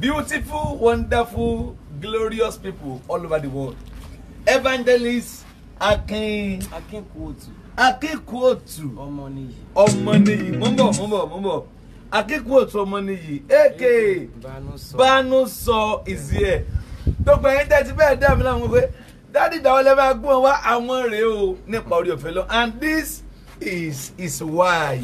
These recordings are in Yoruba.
beautiful, wonderful, glorious people all over the world. Evangelist Akin Akinkuotu. Akinkuotu. Ọmọníyì. Ọmọníyì. Mo ń bọ̀, mo ń bọ̀, mo ń bọ̀. Akinkuotu Ọmọníyì. Eke Banusọ is here. Gbogbo ẹ̀yin tẹ́ ti bẹ́ẹ̀ dá mi láwọn pé dáàdì ìdáwọ́ lẹ́ máa gbọ́n wá àwọn rèé o nípa orí ọ̀fẹ́ lọ. And this is is why.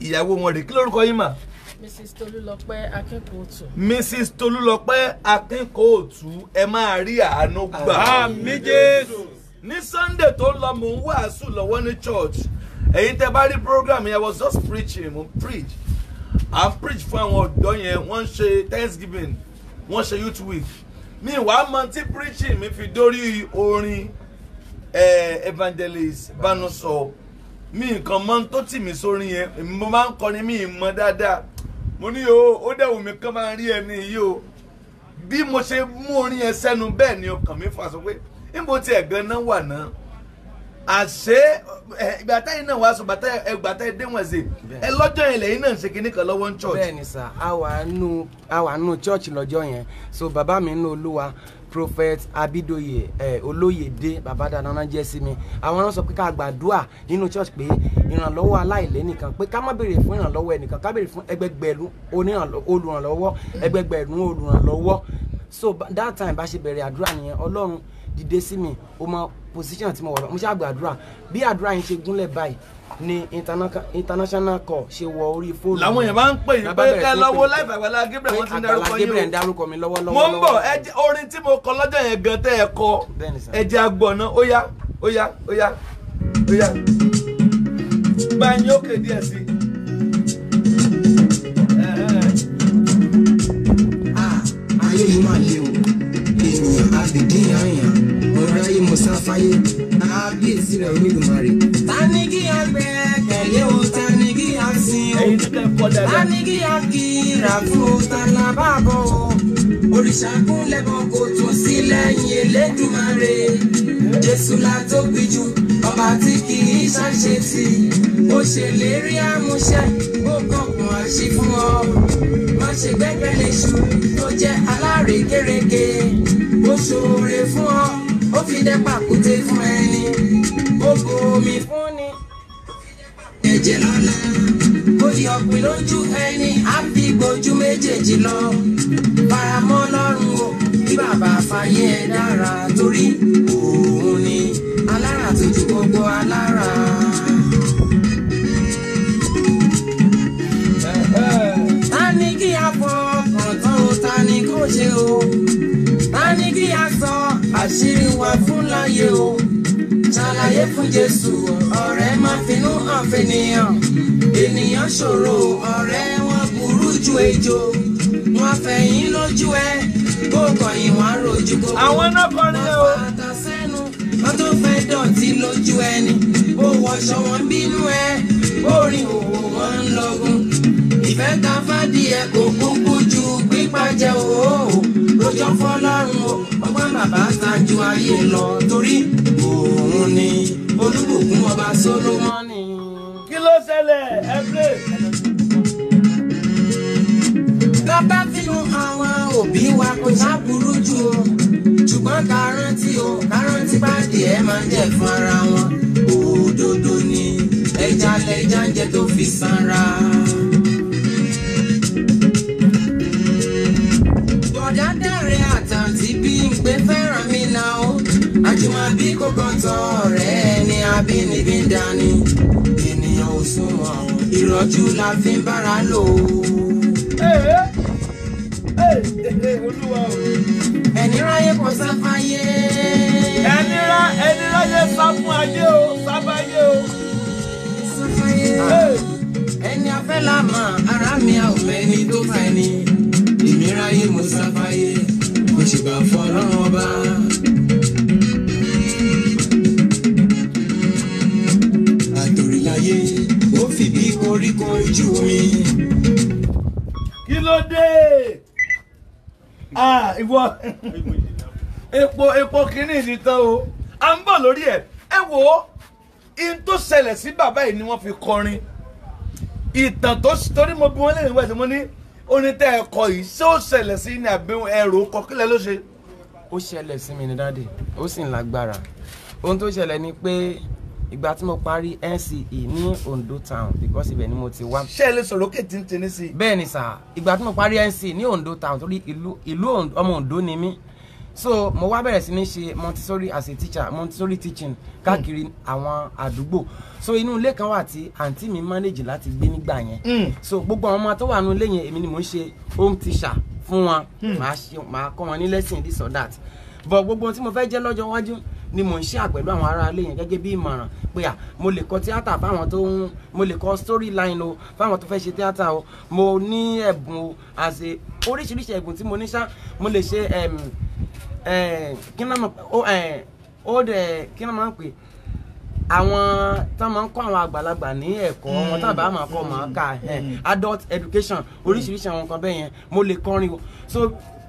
Ìyàwó wọn rèé. Kí lórúkọ yín mà? Mrs. Tolúlọpẹ́ Akínkòótù. Mrs. Tolúlọpẹ́ Akínkòótù ẹ máa rí àánú gbà. àmì Jésù. ní Sunday tó ń lọ mò ń wàásù lọ́wọ́ ní church ẹ̀yin tẹ́ bá rí program yẹn I was just preaching mo preach I preach fún àwọn ọ̀dọ́ yẹn wọ́n ṣe Thanksgiving wọ́n ṣe youth week mi wàá mọ tí preaching mi fi dórí orin evangelist Banuso mi nǹkan mọ́ tó tì mí sórí yẹn mo máa ń kọrin mi ì dáadáa mo ní o ó dẹ̀ wù mí kán máa rí ẹni yìí o bí mo ṣe mú orin yẹn sẹ́nu bẹ́ẹ̀ ni ọkàn mi fà sọ pé níbo tí ẹ̀gán náà wà náà àṣé ìgbà táyì náà wàásù bàtà ẹgbà táyì déwọ̀n ṣe ẹ lọ́jọ́ yẹn lẹ́yìn náà ṣe kinní kan lọ́wọ́ ń church. bẹ́ẹ̀ni sà àwa nù àwa nù church lọ́jọ́ yẹn so bàbá mi nù olúwa prophet abidoye eh, olóyèdè babadana náà jẹ́ sí mi àwọn náà sọ pé ká gbàdúà nínú church pé ìrànlọ́wọ́ aláìlẹ́nìkan pé ká má béèrè fún ìrànlọ́wọ́ ẹnìkan ká béèrè fún ẹgbẹgbẹ̀rún olùrànlọ́wọ́ ẹgbẹgbẹ̀rún olùrànlọ́wọ́ so that time bá ṣe bẹ̀rẹ̀ àdúrà nìyẹn ọlọ́run dìde sí mi o mọ position tí mo wà mo ṣáà gbàdúrà bí àdúrà yẹn ṣe gúnlẹ̀ báyìí ni international call ṣe wọ orí fóònù. làwọn yẹn bá ń pè yín pé kẹ lọ́wọ́ láì fàgbàlá Gabriel wọ́n ti ń darúkọ yín o. Gabriel ń darúkọ mi lọ́wọ́lọ́wọ́. mo ń bọ̀ orin tí mo kọ lọ́jọ́ yẹn gan tẹ́ ẹ kọ ẹ̀jẹ̀ àgbọ̀nà ó yá ó yá ó yá ó yá. báyìí ó kéde ẹ̀ sí. Ah, ayé yìí máa le o ènìyàn àbìdíyàn àyàn ọ̀rẹ́ yìí mo sáfáyé àbí èsì rẹ̀ onídùmarè. ta kí pọ̀ dáadáa. a ní kí a kì í rà fún tànà bàbọ̀ o òrìṣà kúnlẹ̀ bọ̀ kò tún sí lẹ́yìn Elédùmarè Jésù la tó bí jù ọba tí kì í ṣàṣetì ó ṣèlérí àmúṣẹ ó kọkàn àṣì fún ọ má ṣe gbẹ́gbẹ́ léṣu tó jẹ́ alárékérekè ó ṣoore fún ọ ó fi dẹ́ pàkúté fún ẹni ó bomi fún ni ẹ̀jẹ̀ lọ́la oyè ọ̀pìn lójú ẹni á fi gbojú méjèèjì lọ faramọ́ ọlọ́run o kí bàbá fàyè ẹ dára torí òun ni alára tó ju gbogbo alára. ta ni kí a fọ ọ̀tọ̀ o ta ni ṣe o ta kí a sọ àṣírí wa fún láyé o ṣàlàyé fún Jésù ọ̀rẹ́ má finú hàn fènìyàn ènìyàn ṣòro ọ̀rẹ́ wọn burú ju ejò wọn fẹ̀yìn lójú ẹ kó wọn rojú kó àwọn náà kọrin o tó fẹ́ dọ̀tí lójú ẹni ó wọṣọ wọn bínú ẹ ó rìn òwò wọn ń lọ́gùn ìfẹ́ ta fádìẹ kò kúkú jù jẹ́ o lójọ́ fọlọ́run o ọgbọ́n bàbá ṣáájú ayé lọ torí òun ni olúbùkún ọba Sólómọ́nì. kí ló ṣẹlẹ̀ ẹ pè. bàbá fínú àwọn òbí wa kò sábúrú jù o ṣùgbọ́n ká rántí o ká rántí pàdé ẹ máa ń jẹ fún ara wọn òdodo ni ẹja lẹja ń jẹ tó fi sanra. bí kò kàn tán ọ̀rẹ́ ẹni abínibí ń dání ènìyàn ò sunwọ̀n ìrọ̀jú la fi ń bára lò ó. ẹni ráyé kò sáfáyé. ẹni rá ẹni ráyé sá fún ayé o sáfáyé o. sáfáyé ẹni afẹ́ la mọ̀ ara mi a ò mẹ́ni tó fẹ́ ni èmi mo sáfáyé mo sì gbà fọ́ ọlọ́run ọba. jù mí. kí ló dé ah, ìwọ epo epo kínní ìdí tán o à ń bọ̀ lórí ẹ̀ ẹ wò ó ihun tó ṣẹlẹ̀ sí bàbá yìí ni wọ́n fi kọrin ìtàn tó torí mo bí wọ́n lè níwájú mo ní onítẹ̀ ẹ̀kọ́ yìí ṣé ó ṣẹlẹ̀ sí ní àbí ẹrù kọ kílẹ̀ ló ṣe. ó ṣẹlẹ̀ sí mi ní dáàdì ó sì ń lágbára ohun tó ṣẹlẹ̀ ni pé ìgbà tí mo parí NCE ní Ondo town because ibẹ̀ ni mo ti wá. ṣé ẹ lè sọ̀rọ̀ òkè tí ń tẹ́ni sí. bẹ́ẹ̀ ni sà ìgbà tí mo parí NCE ní Ondo town torí ìlú ọmọ Ondo ni mí so mo wá bẹ̀rẹ̀ sí ní ṣe Montessori as a teacher Montessori teaching káàkiri àwọn àdúgbò so inú ilé kan wà tí àǹtí mi manage láti gbé nígbà yẹn hmm. so gbogbo àwọn ọmọ tó wà nínú ilé yẹn èmi ni mò ń ṣe home teacher fún wọn hmm. màá kọ́ wọn ní lesson this or that but gbogbo ohun tí mo fẹ́ jẹ́ lọ́jọ́ iwájú ni mò ń ṣe àpẹ̀lú àwọn ará ilé yẹn gẹ́gẹ́ bí ìmọ̀ràn pé à mo lè kọ tíátà fáwọn tó ń mo lè kọ story line o fáwọn tó fẹ́ ṣe tíátà o mo ní ẹ̀bùn o àṣe oríṣiríṣi ẹ̀bùn tí mo ní ṣá mo lè ṣe kí náà máa ń pè àwọn tán máa ń kọ́ àwọn àgbàlagbà ní ẹ̀kọ́ wọn tán bá máa kọ́ máa kà hmm. adult education oríṣiríṣi àwọn nǹkan bẹ́ẹ̀ yẹn mo lè kọrin o so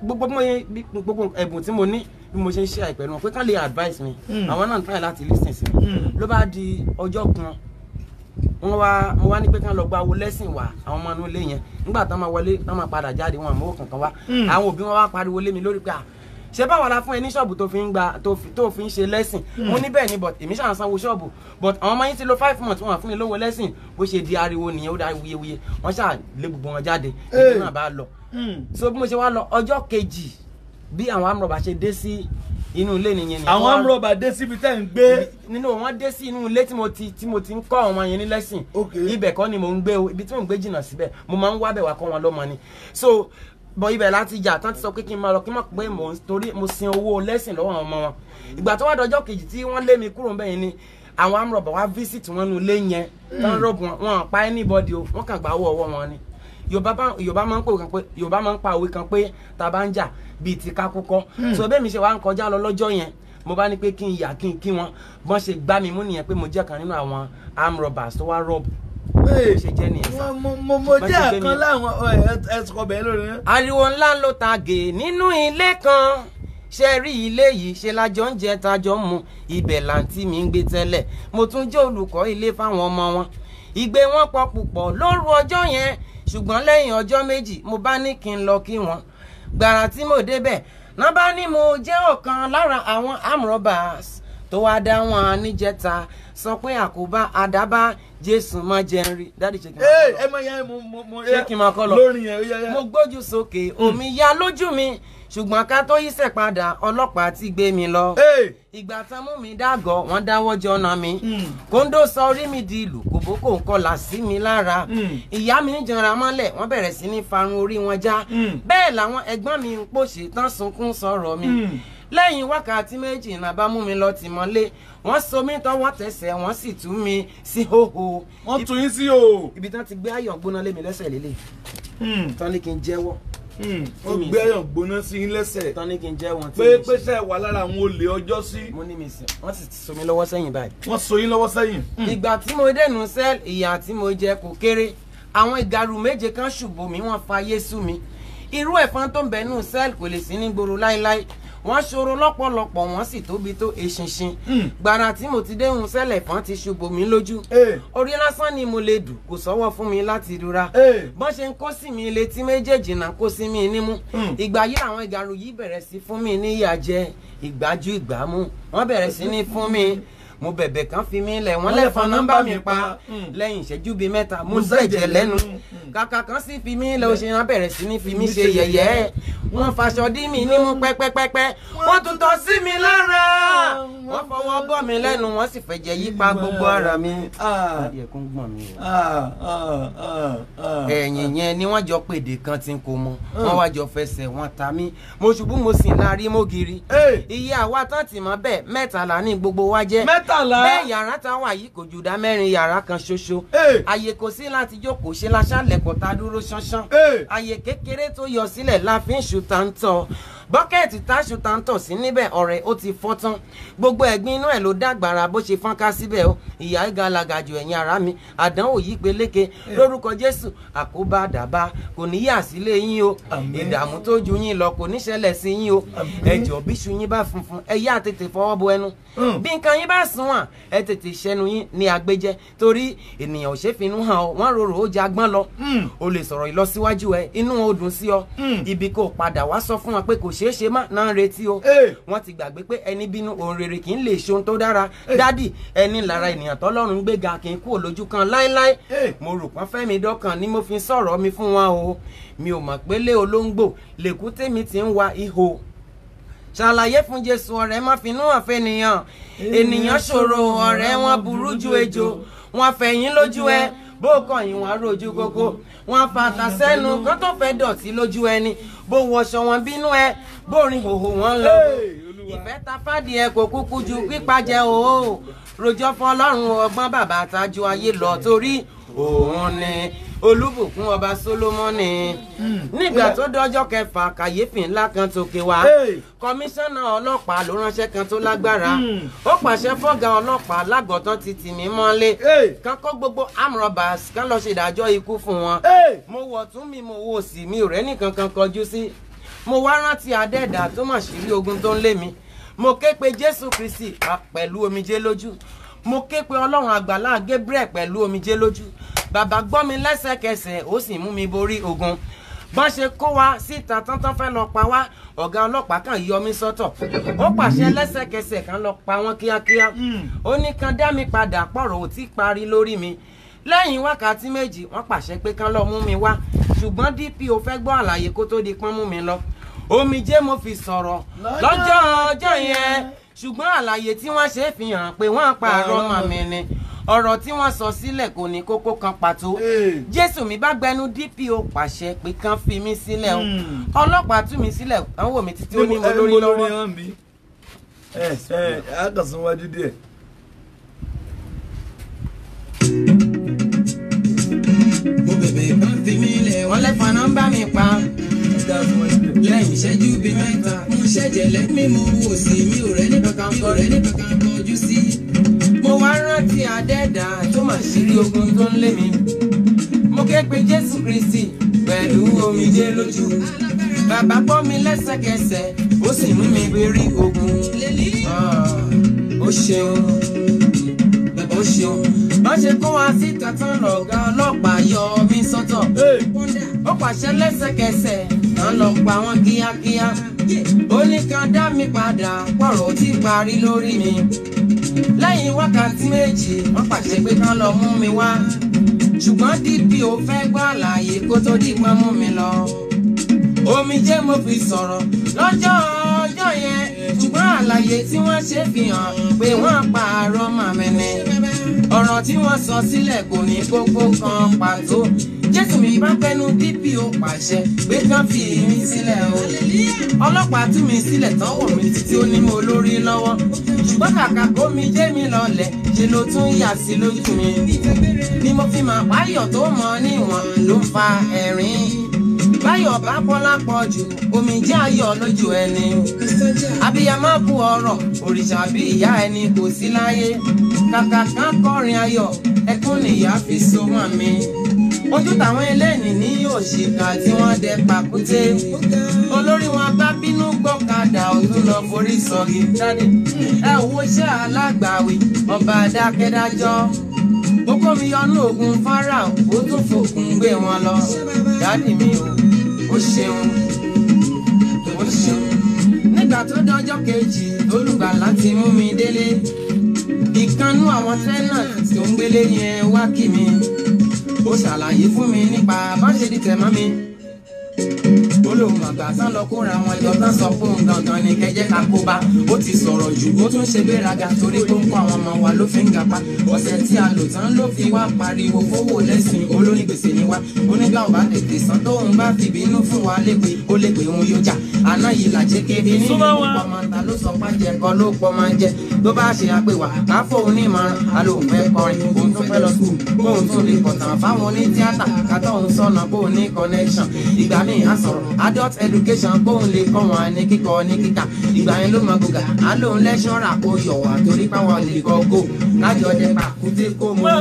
gbogbo ẹ̀bùn tí mo ní bí mo ṣe ń ṣe àìpẹ́ náà pé ká lè advice mi hmm. àwọn náà ń try láti listen sí mi hmm. ló bá di ọjọ́ kan wọ́n wá wọ́n wá ní pé kán lọ gba owó lẹ́sìn wa àwọn ọmọ inú ilé yẹn nígbà tán máa wọlé tán máa padà jáde wọn àmọ́ kankan wá hmm. àwọn òbí wọn wá pariwo lé mi lórí pé à ṣé báwo la fún ẹ ní ṣọ́ọ̀bù tó fi ń gba tó fi ń ṣe lẹ́sìn mo ní bẹ́ẹ̀ ni but èmi ṣàn sanwó ṣọ́ọ̀bù but àwọn ọmọ yín ti lò five months wọn fún mi lówó lẹ́sìn bó ṣe di ariwo nìyẹn ó dá wuyewuye wọ́n ṣà lé gbogbo wọn jáde ìdí náà bá lọ so bí mo ṣe wá lọ ọjọ́ kejì bí àwọn amúrọ̀bà ṣe dé sí inú ilé nìyẹn nìkan. àwọn amúrọ̀bà dé síbi tẹ́ ń gbé. nínú wọn dé sí inú ilé tí mo ti tí mo ti ń kọ́ àwọn ọmọ yẹn ní lẹ́sìn. ibẹ̀ kọ́ ni mo ń gbé ibi tí mo ń gbé jìnnà síbẹ̀ mo máa ń wá bẹ̀ wá kọ́ wọn lọ́mọ ni. so bọ ibẹ̀ láti jà tán ti sọ pé kí n máa lọ kí n máa pé mò ń torí mo sin owó lẹ́sìn lọ́wọ́ àwọn ọmọ wọn. ìgbà tó wá dọjọ́ kejì tí wọ́n lé mi kúrò ń bẹ̀yìn ni àwọn amúrọ̀bà wá visit wọn nu ilé yẹn tán rọ̀bù wọn wọn pa anybody o wọ́n kàn gbà owó ọwọ́ wọn ni yorùbá máa ń pè kan pé yorùbá máa ń pa òwe kan pé tá a bá ń jà bíi ti kákúkọ́ hmm. so bẹ́ẹ̀ mi ṣe wá ń kọjá lọ lọ́jọ́ yẹn mo bá ní pé kí n yà kí n kí wọn bọ́n ṣe gbá mi mú nìyẹn pé mo jẹ́ kan nínú àwọn arm robbers tó wá rọ́ọ̀bù ṣe jẹ́ nìyẹn sá. mo mo jẹ́ àkan láwọn ẹ̀sùn ọbẹ̀ lórí. ariwo ńlá ló ta gè nínú ilé kan ṣe rí ilé yìí ṣe lájọ ń jẹ tajọ mu ibẹ̀ làǹtí mi ń gbé tẹ́lẹ̀ mo tún jẹ́ olùkọ́ ilé fáwọn ọmọ wọn ìgbé wọn pọ̀ púpọ̀ lóru ọjọ́ yẹn ṣùgbọ́n lẹ́yìn ọjọ́ méjì mo bá ní kí n lọ kí wọn gbàrà tí mo débẹ̀ nàbá ni mo jẹ́ ọ̀kan lára àwọn amrobas tó wáá dá wọn níjẹta sọ pé àkóbá àdábá jésù máa jẹun rí dáàdì ṣe kí n máa kọ́ lọ ṣé kí n máa kọ́ lọ mo gbójú sókè omi ya lójú mi ṣùgbọ́n ká tó yí sẹ̀ padà ọlọ́pàá ti gbé mi lọ. ìgbà tán mú mi dàgọ̀ wọ́n dáwọ́ jọ́nà mi. Hmm. kóńdó sọ orí mi di ìlú kòbókò ńkọlà sí mi lára. Hmm. ìyá mi ń janra mọ́lẹ̀ wọ́n bẹ̀rẹ̀ sí ní farun orí wọn já. Hmm. bẹ́ẹ̀ làwọn ẹ̀gbọ́n mi ń pòṣe tán sunkún sọ̀rọ̀ mi. lẹ́yìn wákàtí méjì nàbá mú mi lọ tìmọ́lé wọ́n so mí tọ́wọ́ tẹsẹ̀ wọ́n sì tú mi sí hóhó. wọ́n tún yín sí o. ibi tán ti gbé ayọ̀ gbóná lé mi lẹ́sẹ̀ lélẹ̀. tán ní kí n jẹ́wọ́. Hmm, ó gbé ẹ̀yàn gbóná sí yín lẹ́sẹ̀. pé pé wà lára àwọn olè ọjọ́ sí. mo ní mi sè wọ́n sì so mi lọ́wọ́ sẹ́yìn báyìí. wọ́n so yín lọ́wọ́ sẹ́yìn. Hmm. ìgbà tí mo dẹ̀nu sẹ́ẹ̀lì ìyà tí mo jẹ kò kéré àwọn ìgarù méje kan ṣùbò mi wọ́n fa yé mi irú ẹ̀fọn tó ń bẹ̀ẹ́nu sẹ́ẹ̀lì kò lè sí ní gbòòrò láéláé wọ́n ṣòro lọ́pọ̀lọpọ̀ wọ́n sì tóbi tó eṣinṣin hmm. gbàrà tí mo ti déhùn sẹ́lẹ̀ fọ́n ti ṣubò mí lójú eh. orí lásán ni mo lè dù kò sọ́wọ́ fún mi láti rura eh. bọ́n ṣe ń kó sí mi létí méjèèjì náà kó sí mi nímú hmm. ìgbà yìí àwọn ìgàrú yìí bẹ̀rẹ̀ sí fún mi níyà jẹ ìgbájú ìgbámú wọ́n bẹ̀rẹ̀ sí ní fún mi mo bẹ̀bẹ̀ kan fi mí lẹ̀ wọ́n lẹ́fọn nọ́mbà mi pa hmm. lẹ́yìn ìṣẹ́jú bíi mẹ́ta mo sọ lẹ́nu hmm, hmm. kàkà kan sì fi mí lẹ̀ òṣèré wọn bẹ̀rẹ̀ sí ní fi mí ṣe yẹ̀yẹ́ wọ́n faṣọ dí mi nímú pẹ́pẹ́pẹ́pẹ́ wọ́n tún tọ́ sí mi lára wọ́n fọwọ́ bọ́ mi lẹ́nu wọ́n sì fẹ̀jẹ̀ yí pa gbogbo ara mi. Ah, ah. Ah, ẹ̀yìn yẹn ni wọ́n jọ pèdè kan tí n kò mọ wọ́n wá jọ fẹsẹ̀ wọn ta mí mo ṣubú mo sì ń larí mọ́gìrì iye àwa tán tì mọ́ bẹ́ẹ̀ mẹ́ta là ní gbogbo wa jẹ́ mẹ́tàlá. bẹ́ẹ̀ yàrá tá a wà yìí kò jù dá mẹ́rin yàrá kan ṣoṣo. àyè kò sí láti jókòó ṣe láṣálẹ̀ kọ́ta dúró ṣánṣán. àyè kékeré tó yọ sílẹ̀ la fi ń ṣùtà ń tọ́ bọ́kẹ́ẹ̀tì táṣù tá ń tọ̀ sí níbẹ̀ ọ̀rẹ́ ó ti fọ́ tán gbogbo ẹ̀gbin inú ẹ̀ ló dàgbàrà bó ṣe fọ́nká síbẹ̀ o ìyá ìgalaga jù ẹ̀yìn ara mi àdánwò yìí peléke eh. lórúkọ jésù àkóbá àdàbà kò ní yà sílé yín o ìdààmú tó ju yín lọ kò ní ṣẹlẹ̀ sí yín o ẹ̀jọ̀ bíṣu yín bá funfun ẹ yá tètè fọwọ́ bo ẹnu hmm. bí nǹkan yín bá sùn wà ẹ tètè ṣẹnu yín ní agbẹjẹ torí ènìyàn ò ṣèfinú hàn ọ wọn rorò ó jagbọ́n lọ hmm. o lè sọ̀rọ̀ ìlọsíwájú ẹ inú wọn sí ọ hmm. ibi kò padà wá sọ fún wa pé kò ṣeé ṣe má náà retí o wọ́n ti gbàgbé pé ẹni bínú òun rere kì í lè ṣe ohun tó dára dádì ẹni lára ènìyàn tọ́lọ́run gbéga kì í kúrò lójú kan láéláé mo rò pọ́n fẹ́mi dọ́kan ni mo fi sọ̀rọ̀ mi fún wa o mi ò mọ̀ pé lé olóńgbò lèkú tèmi ti ń wa ihò ṣàlàyé fún Jésù ọ̀rẹ́ má finú àfẹnìyàn ènìyàn ṣòro ọ̀rẹ́ wọn burú ju ejò wọn fẹ̀yìn lójú ẹ bó kàn yín wọn á rojú gógó wọn á fata sẹ́nu kán tó fẹ́ dọ̀tí lójú ẹni bó wọṣọ wọn bínú ẹ bó rin hòhò wọn lọ ìfẹ́ ta fádìí ẹ kò kúkú ju pípàjẹ́ o rojọ́ fọlọ́run ọgbọ́n bàbá àtàjọ ayé lọ torí òun ni olúbùkún ọba solomoni hmm. nígbà tó dọ́jọ́ kẹfà kàyéfì ńlá kan tòkè wá kọmíṣánná ọlọ́pàá ló ránṣẹ́ kan tó lágbára hmm. ó pàṣẹ fọ́gà ọlọ́pàá lágọ̀tán ti tì mí kan kó gbogbo amrobas kan lọ ṣèdájọ́ ikú fún wọn mo wọ̀ tún mi mo wò sí mi ò rẹ́nìkan kan kọjú sí mo wá rántí adẹ́ẹ̀dá tó mà ṣírí ogun tó ń lé mi mo ké pe jésù kristi pẹ̀lú omijé lójú mo ké pe ọlọ́run àgbàlá gabriel pẹ̀lú omijé lójú bàbá gbọ́ mi lẹ́sẹ̀kẹsẹ̀ ó sì mú mi borí ogun bọ́n ṣe kó wa síta tán tán fẹ́ lọ pa wá ọ̀gá ọlọ́pàá kan yọ mí sọ́tọ̀ ó pàṣẹ lẹ́sẹ̀kẹsẹ̀ kan lọ pa wọ́n kíákíá ó ní kan dá mi padà pọ̀rọ̀ ò tí parí lórí mi lẹ́yìn wákàtí méjì wọ́n pàṣẹ pé kán lọ mú mi wá ṣùgbọ́n DPO fẹ́ gbọ́ àlàyé kó tó di pọ́n mú mi lọ omijé mo fi sọ̀rọ̀ lọ́jọ́ ọjọ́ yẹn ṣùgbọ́n àlàyé tí wọ́n ṣe fi hàn pé wọ́n pààrọ̀ màmí ni ọ̀rọ̀ tí wọ́n sọ sílẹ̀ kò ní kókó kan pàtó jésù mi bá gbẹnu DPO pàṣẹ pé kán fi mí sílẹ̀ o hmm. ọlọ́pàá tú mi sílẹ̀ àwọn wò mí títí ó ní mo lórí lọ́wọ́. ẹ ẹ àkàsùn wájú díẹ̀. bèbè kan fi mí lẹ̀ wọ́n lẹ́fọn náà ń bá mi pa. lẹ́yìn ìṣẹ́jú bíi mẹ́ta mo ṣẹ̀jẹ̀ lẹ́gbẹ̀ẹ́ mo wò sí mi ò rẹ́ nípa kan kọ rẹ́ nípa kan kọjú sí. mo wá rántí adẹ́dà tó mà ṣírí ogun tó ń lé mi. mo ké pe Jésù Kristi pẹ̀lú omijé lójú. bàbá pọ́ mi lẹ́sẹ̀kẹsẹ̀ ó sì mú mi borí ogun. Ah, ó ṣeun ṣeun bá ṣe kó wa síta tán lọ̀gá ọlọ́pàá yọ mí sọ́tọ̀ ó pàṣẹ lẹ́sẹ̀kẹsẹ̀ à ń lọ pa wọ́n kíákíá ó ní kan dá mi padà pọ̀rọ̀ ti parí lórí mi lẹ́yìn wákàtí méjì wọ́n pàṣẹ pé kán lọ mú mi wá ṣùgbọ́n dp ò fẹ́ gbọ́ àlàyé kó tó di pọ́n mú mi lọ omijé mo fi sọ̀rọ̀ lọ́jọ́ ọjọ́ yẹn ṣùgbọ́n àlàyé tí wọ́n ṣe fi hàn pé wọ́n pààrọ̀ màmí ni ọ̀rọ̀ tí wọ́n sọ sílẹ̀ kò ní kókó kan pàtó jésù mi bá fẹnu dípì ó pàṣẹ pé kán fi mi sílẹ̀ o ọlọ́pàá tú mi sílẹ̀ tọ́wọ̀ mi títí ó ní mo lórí lọ́wọ́ ṣùgbọ́n kàkà kó mi jẹ́ mi lọlẹ̀ ṣe ló tún yà sí lójú mi ni mo fi mà páyọ̀ tó mọ níwọ̀n ló fa ẹ̀rín báyọ̀ bá bọ́lá pọ̀ jù omijé ayọ̀ lójú ẹni abiyamọ kú ọ̀rọ̀ òrìṣà bí ìyá ẹni kò sí láyé kàkà kan kọrin ayọ̀ ẹkún nìyá fi so mọ́ mi ojú tàwọn eléyìí ní òṣìkà tí wọ́n dẹ pàkúté olórí wọn bá bínú gbọ́kadà ọdún lọ forí sọ̀rí jáde ẹ wo iṣẹ́ alágbàwí ọba adákẹ́dájọ́ ó mi yọnú ògùn fara ó tún fòkùn gbé wọn lọ dáàdì mi ò ó ṣeun ó ṣeun nígbà tó dọjọ́ kejì olùgbàlà ti mú mi délé ìkanú àwọn tenant tó ń gbélé yẹn wá kí mi ó ṣàlàyé fún mi nípa bá ṣe di tẹ̀ mi olùmọ̀gbà tán lọ kóra wọn jọ sọ fún un gangan ni kẹjẹ́ ká kó bá ó ti sọ̀rọ̀ jù ó tún ṣe gbéraga torí pé ń kọ́ àwọn ọmọ wa ló fi ń gapá ọ̀sẹ̀ tí a lò tán ló fi wá pariwo fowó lẹ́sìn olónígbèsè ni wá onígbà ò bá tètè san tóun bá fìbínú fún wa lépè ó lépè òun yóò jà àná yìí làjẹ́ kébé nínú ìpamọ́ta ló sọ pàjẹ́ kọ́ ló pọ́ máa ń jẹ tó bá ṣe àpèwà káfọ́ onímọ̀ràn adult education kóun lè kọ́ wọn ní kíkọ ní kíkà ìgbà yẹn ló mọ gògà á lóun lẹ́ṣọ́ra kó yọ̀ wá torí páwọn lè kọ́ go lájọ dẹ pàkúté kó mú kó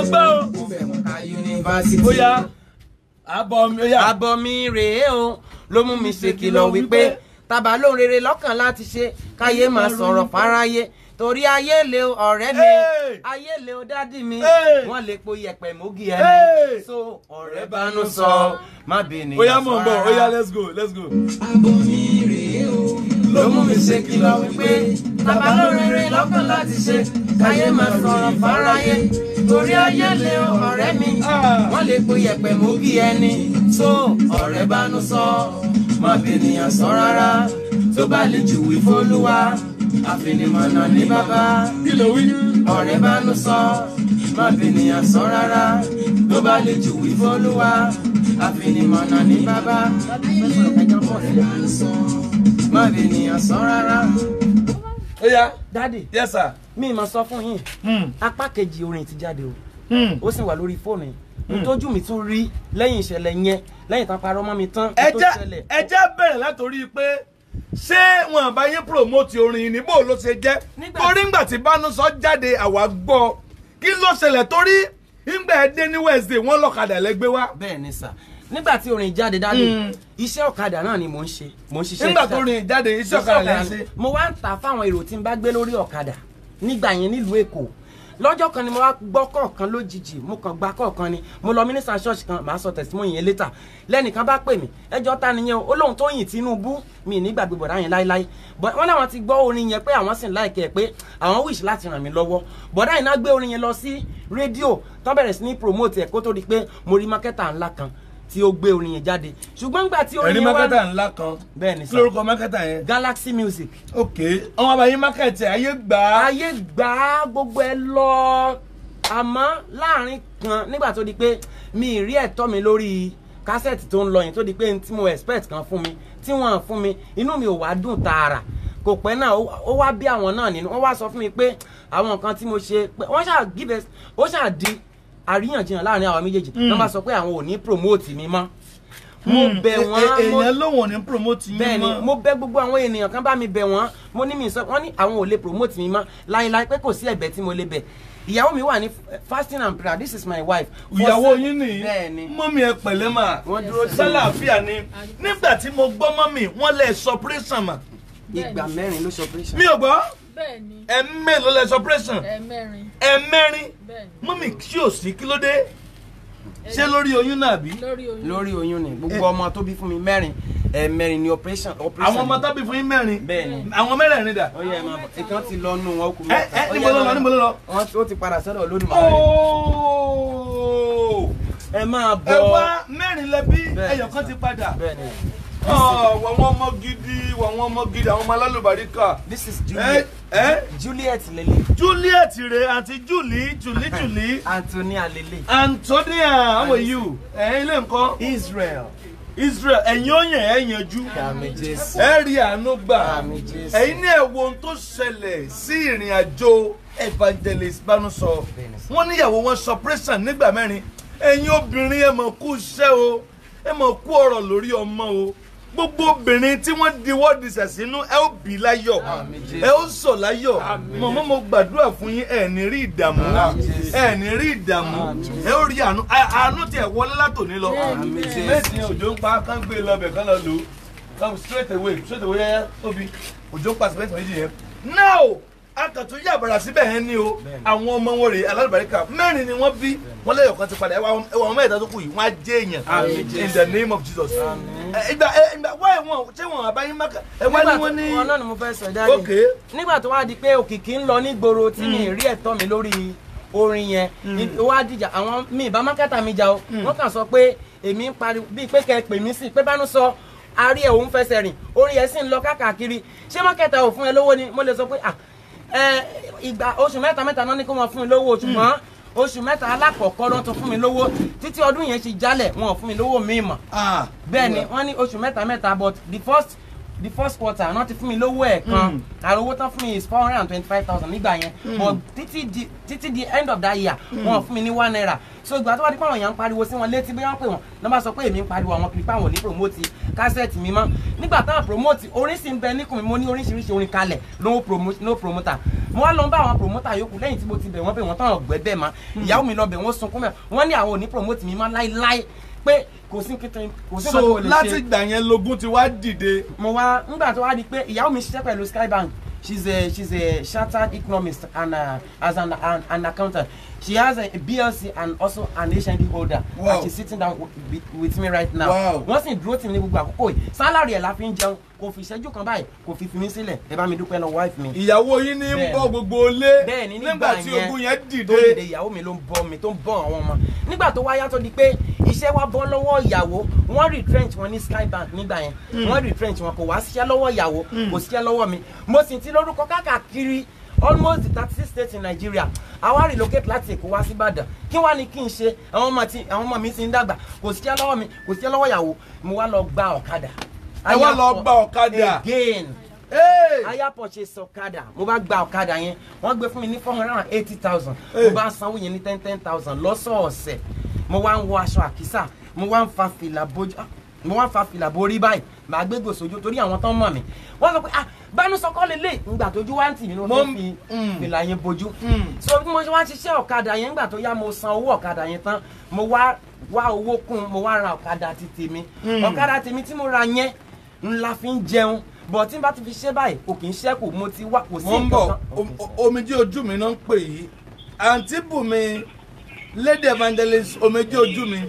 fẹ̀ mọ́ ká yunifásitì. bóyá abọ́ mi rèé o ló mú mi ṣèkìlọ̀ wípé tàbá lóun rere lọ́kàn láti ṣe káyé máa sọ̀rọ̀ fáráyé torí ayé le o ọ̀rẹ́ mi ayé le o dádì mi wọ́n lè po yẹ̀pẹ̀ mógì ẹ̀ mi so ọ̀rẹ́ banu sọ má bìnrin sọ rárá. ó let's go let's go. abomi rèé o ló mú mi ṣe kìlọ̀ wípé bàbá lóríire lọ́kàn láti ṣe káyé máa sọ̀rọ̀ fáráyé torí ayé le o ọ̀rẹ́ mi ah! wọ́n lè po yẹ̀pẹ̀ mógì ẹni so ọ̀rẹ́ banu sọ má bìnrin sọ rárá tó bá lè jùwé fólúwa àfinimọ̀nà ní bàbá ọ̀rẹ́ bá nu sọ má bènìyàn sọ rárá tó bá lè jù wí fọ́lúwa àfinimọ̀nà ní bàbá ọ̀rẹ́ bá nu sọ má bènìyàn sọ rárá. ó yá dádì yes sir mi ma sọ fún yín hmm. apá kejì orin ti jáde o hmm. ó sì wà lórí fóònù yìí ntójú hmm. mi tún rí lẹ́yìn ìṣẹ̀lẹ̀ yẹn lẹ́yìn tán parọ́ mọ́ mi tán. ẹ jẹ́ bẹ̀rẹ̀ látòrí pé ṣé wọn bá yín promote orin níbo ló ṣe jẹ́ torí ngbà tí Bánúsọ jáde àwa gbọ́ kí ló ṣẹlẹ̀ torí ngbà ẹ ní Wednesday wọ́n lọ́kadà lẹ́gbẹ́ wá. bẹ́ẹ̀ni sà nígbà tí orin jáde dálé hmm. iṣẹ́ ọ̀kadà náà ni mò ń ṣe mò ń ṣiṣẹ́ nígbà tó orin jáde iṣẹ́ ọ̀kadà lẹ́ ń ṣe. mo wá ń tà fáwọn èrò tí n bá gbé lórí ọ̀kadà nígbà yẹn nílùú Èkó lọ́jọ́ kan ni mo wá gbọ́ kọ̀ọ̀kan lójijì mo kàn gba kọ̀ọ̀kan ni mo lọ mínísà ṣọ́ọ̀ṣì kan màá sọ tẹ̀símọ́yìn yẹn létà lẹ́nìkan bá pè mí ẹjọ́ ta nìyẹn o ó lóun tó yìn Tinubu mi nígbàgbé bọ̀dá yẹn láéláé wọ́n láwọn ti gbọ́ orin yẹn pé àwọn sì ń láìkẹ́ pé àwọn wíṣ láti ràn mí lọ́wọ́ bọ̀dá yẹn náà gbé orin yẹn lọ sí rédíò tán bẹ̀rẹ̀ sí ní promote ẹ̀ kó tó di pé mo rí mákẹ́tà ńlá kan tí ó gbé orin yẹn jáde ṣùgbọ́n nígbà tí orin yẹn wá. ẹ̀rí mákẹ́tà ńlá kan bẹ́ẹ̀ ni lórúkọ mákẹ́tà yẹn. Galaxy Music. ok àwọn abayín mákẹ́tì ayé gbà á. ayé gbà á gbogbo ẹ lọ àmọ́ láàrin kan nígbà tó di pé mi ì rí ẹ̀tọ́ mi lórí kásẹ̀tì tó ń lọ yẹn tó di pé tí mo expect kan fún mi tí wọ́n fún mi inú mi ò wá dùn tààrà kò pẹ́ náà ó wá bí àwọn náà nínú wọ́n wá sọ fún mi pé àwọn nǹkan tí mo ṣe pé wọ́n ṣáà ó ṣáà àríyànjiyàn láàrin àwọn méjèèjì hmm. wọ́n bá sọ pé àwọn ò ní promote mi mọ́ mo hmm. bẹ̀ e-, e-, wọ́n èèyàn lóhùn ní promote yín mọ́ bẹ́ẹ̀ni mo bẹ̀ gbogbo àwọn ènìyàn kan bá mi bẹ̀ wọ́n mo ní mi sọ wọ́n ní àwọn ò lè promote mi mọ́ láéláé pé kò sí ẹ̀bẹ̀ tí mo lè bẹ̀ ìyàwó mi wà ní fasting and prayer this is my wife. ìyàwó yín ni mọ́mí ẹ pẹ̀lẹ́ mà sálàáfíà ni nígbà tí mo gbọ́ mọ́mí wọ́n lẹ̀ sọ mà. ìgbà mẹ́rin ló sọ mi ò gbọ́ ẹ̀mẹ́rin ló lẹ sọ operation ẹ̀mẹ́rin mọ́mì tí ò sí kí ló dé ṣé lórí oyún náà bí. lórí oyún ni gbogbo ọmọ tó bí fún mi mẹ́rin mẹ́rin ni operation. àwọn ọmọ tó bí fún yín mẹ́rin. bẹ́ẹ̀ni àwọn mẹ́rẹ̀ẹ̀rin dà. ó yẹ ẹ máa bọ ìkan ti lọ nù wọn ó kú mẹ́ta. ẹ ẹ níbo ló lọ níbo ló lọ. wọn ó ti padà sọ́dọ̀ Olódùmarè. ẹ máa bọ. ẹ wá mẹ́rin lẹ bí ẹyọ̀kan ti padà. Ah, wọ̀n wọ́n mọ́ gidi wọ̀n wọ́n mọ́ gidi àwọn ọmọ alálùbáríkà. this is juliet. Eh? Eh? juliet lele. juliet re àti julie julie julie. antonia lele. antonia how are you? ẹ eh, ilé nǹkan. israel israel ẹ̀yin ó yàn ẹ́ yanjú ẹ rí àánú gbà ẹ̀yin ní ẹ wo ohun tó ṣẹlẹ̀ sí ìrìn àjò evangelist Banuso wọ́n níyàwó wọn suppression nígbà mẹ́rin ẹ̀yin obìnrin ẹ mọ̀ kú iṣẹ́ o ẹ mọ̀ kú ọ̀rọ̀ lórí ọmọ o gbogbo obìnrin tí wọ́n diwọ́ disẹ̀ sínú ẹ ó bí láyọ̀ ẹ ó sọ̀ láyọ̀ mọ̀mọ́ mo gbàdúrà fún yín ẹ ní rí ìdààmú ẹ ní rí ìdààmú ẹ ó rí àánú àánú tiẹ̀ wọlé látòní lọ méjì òjò ń pa kán gbé e lọ bẹ̀ kán lọ lò ó straight away straight away yẹ́yẹ́ tóbi òjò ń pa sìmẹ́ntì méjì yẹn now akàtún yà bàrà síbẹ̀ yẹn ni o àwọn ọmọ wọn rèé alálùbáríkà mẹ́rin ni wọ́n bí wọ́n lẹ́yọ̀ kan ti padà ẹwà ọmọ ẹ̀dá tó kù yìí wọ́n á jẹ́ èèyàn in the name of Jesus. ìgbà ìgbà wáyé wọn ṣé wọn àbáyé máka ẹwà ni wọ́n ní. wọn náà mo fẹ́ sọ jáde nígbà tó wá di pé òkìkí ń lọ nígboro tí mi hmm. rí ẹ̀tọ́ mi lórí orin yẹn hmm. wá dìjà àwọn mi ìbá mákàtà mi jà o hmm. wọ́n kàn sọ pé ìgbà oṣù mẹ́ta mẹ́ta náà ni kó wọn fún mi lówó ṣùgbọ́n hmm. oṣù mẹ́ta alákọ̀ọ́kọ́ ló tún fún mi lówó títí ọdún yẹn ṣe jálẹ̀ wọn ò fún mi lówó mi mọ̀ ah. bẹ́ẹ̀ ni wọ́n ní oṣù mẹ́ta mẹ́ta but the first the first quarter náà ti fún mi lówó ẹ̀ kan àrò mm. owó tán fún mi is four hundred and twenty five thousand nígbà yẹn mm. but títí di títí di end of that year mm. wọn fún mi ní one naira so ìgbà tó wá di pé àwọn èèyàn ń pariwo sí wọn létí bí wọ́n pè wọ́n lọ́ máa sọ pé èmi ń pariwo àwọn kìlìpá wọn ní promote kásẹ̀tì mi mọ́ nígbà táwọn promote orin sì ń bẹ níkùn mi mo ní oríṣiríṣi orin kalẹ̀ no promoter mo wá lọ bá àwọn promoter yòókù lẹ́yìn tí mo ti bẹ̀ wọ́n bẹ̀ wọ́n tán ọ̀gbẹ́ bẹ́ẹ̀ ma ìyàwó mi lọ bẹ̀ wọ́n sunkún mẹ́ wọ́n ní àwọn ò ní promote mi mọ́ láíláí pé kò sí kìtìn kò sí kòtò lè ṣe. so láti gbà yẹn logun ti wá dìde. mo wá ngbà tó wá di pé ìyàwó mi ṣiṣẹ́ pẹ̀lú Skybank she's a she's a chartered economist and uh, as an, an an accountant she has a BLC and also an HND holder wow. and she's sitting down with, with me right now. wọ́n sì dúró tì mí ní gbogbo àkókò yìí sálárì ẹ̀ la fi ń jẹun kò fi ìṣẹ́jú kan báyìí kò fi fi mí sílẹ̀ ẹ bá mi dúpẹ́ lọ wife mi. ìyàwó yín ní bọ́ gbogbo ilé nígbà tí ogun yẹn dìde. tó dìde ìyàwó mi ló ń bọ́ mi tó ń bọ́ àwọn ọmọ nígbà tó wáyá tó di pé iṣẹ́ wa bọ́ lọ́wọ́ ìyàwó wọ́n retrench wọn ní Sky nígbà yẹn hmm. wọ́n retrench wọn kò wá síṣẹ́ lọ́wọ́ ìyàwó hmm. kò síṣẹ́ lọ́wọ́ mi mo sì ti lórúkọ káàkiri almost thirty six states in Nigeria àwa relocate láti Èkó wá sí Ìbàdàn kí wá ní kí n ṣe àwọn ọmọ mi ti ń dàgbà kò síṣẹ́ lọ́wọ́ mi kò síṣẹ́ lọ́wọ́ ìyàwó mo wá lọ gba ọ̀kadà ẹ wá lọ gba ọ̀kadà again ayapọ̀ ṣe sọ ọ̀kadà mo bá gba ọ̀kadà yẹn wọ́n gbé fún mi ní four hundred and eighty thousand mo bá sanwó yẹn ní ten ten thousand lọ́sọ̀ọ̀sẹ̀ mo wá ń wọ aṣọ àkísà mo wá ń fa fìlà bojú ah, mo wá ń fa fìlà borí báyìí màá gbé gbòsòjò torí àwọn tán mọ̀ mi wọ́n sọ pé ah bánúsọkọ́ lélẹ̀ ńgbà tójú wá ń tì mí ló fẹ́ fi mm. fìlà yẹn bojú mm. so bí mo ṣe wá ń ṣiṣẹ́ ọ̀kadà yẹn ńgbà tó yá mo san owó ọ̀kadà yẹn tán mo wá wá owó kún mo wá ra ọ̀kadà ti tèmi mm. ọ̀kadà tèmi tí mo ra yẹn ńlá fi ń jẹun bọ̀ tí n bá ti fi ṣe báyìí kò kì í ṣẹ́kù mo ti wá kò sí nǹkan mo ń bọ̀ omijé ojú mi náà ń pè yìí àǹtí bùnmi lady evangelist omijé ojú mi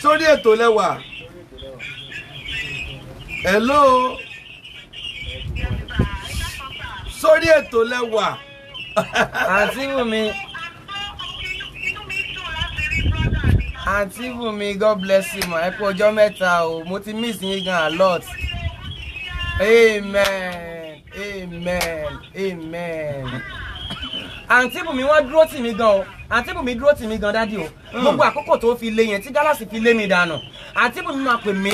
sórí ètò lẹ́wà hello sórí ètò lẹ́wà. àǹtí bùnmi. àǹtí bùnmi god bless you ma ẹ kú ọjọ́ mẹ́ta o mo ti miss yín gan a lot amen amen amen àǹtí bùnmi wọ́n dúró tì mí gan o àǹtí bùnmi dúró tì mí gan dádì o hmm. gbogbo àkókò tó fi lé yẹn tí dálàsì fi lé mi dànù àǹtí bùnmi máa pè mí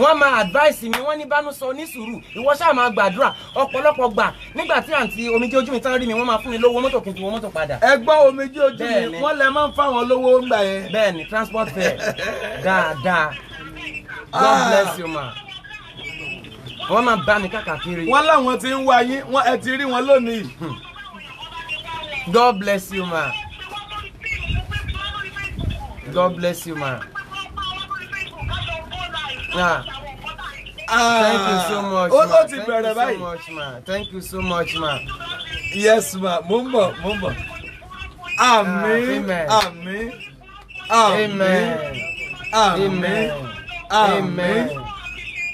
wọ́n máa advice mi wọ́n ní bánú sọ onísùúrù ìwọ ṣáà máa gbàdúrà ọ̀pọ̀lọpọ̀ gbà nígbà tí àǹtí omijé ojú mi tán rí mi wọ́n máa fún mi lówó mọ́tò kí n tuwọ́ mọ́tò padà. ẹ gbọ́ omijé ojú mi wọ́n lè máa ń fáwọn lówó ńgbà yẹn. bẹ́ẹ̀ni transport fare dáadáa God ah. bless you ma wọ́n máa bá mi káàkiri. wọ́n láwọn ti ń wá yín wọ́n ẹ ti rí wọn lónìí. God bless you ma. God bless you ma. Ah, thank you so ah. much ma. ó ti bẹ̀rẹ̀ báyìí. thank you so much ma. yes ma mo ń bọ̀ mo ń bọ̀. àmín ah, àmín àmín àmín àmín.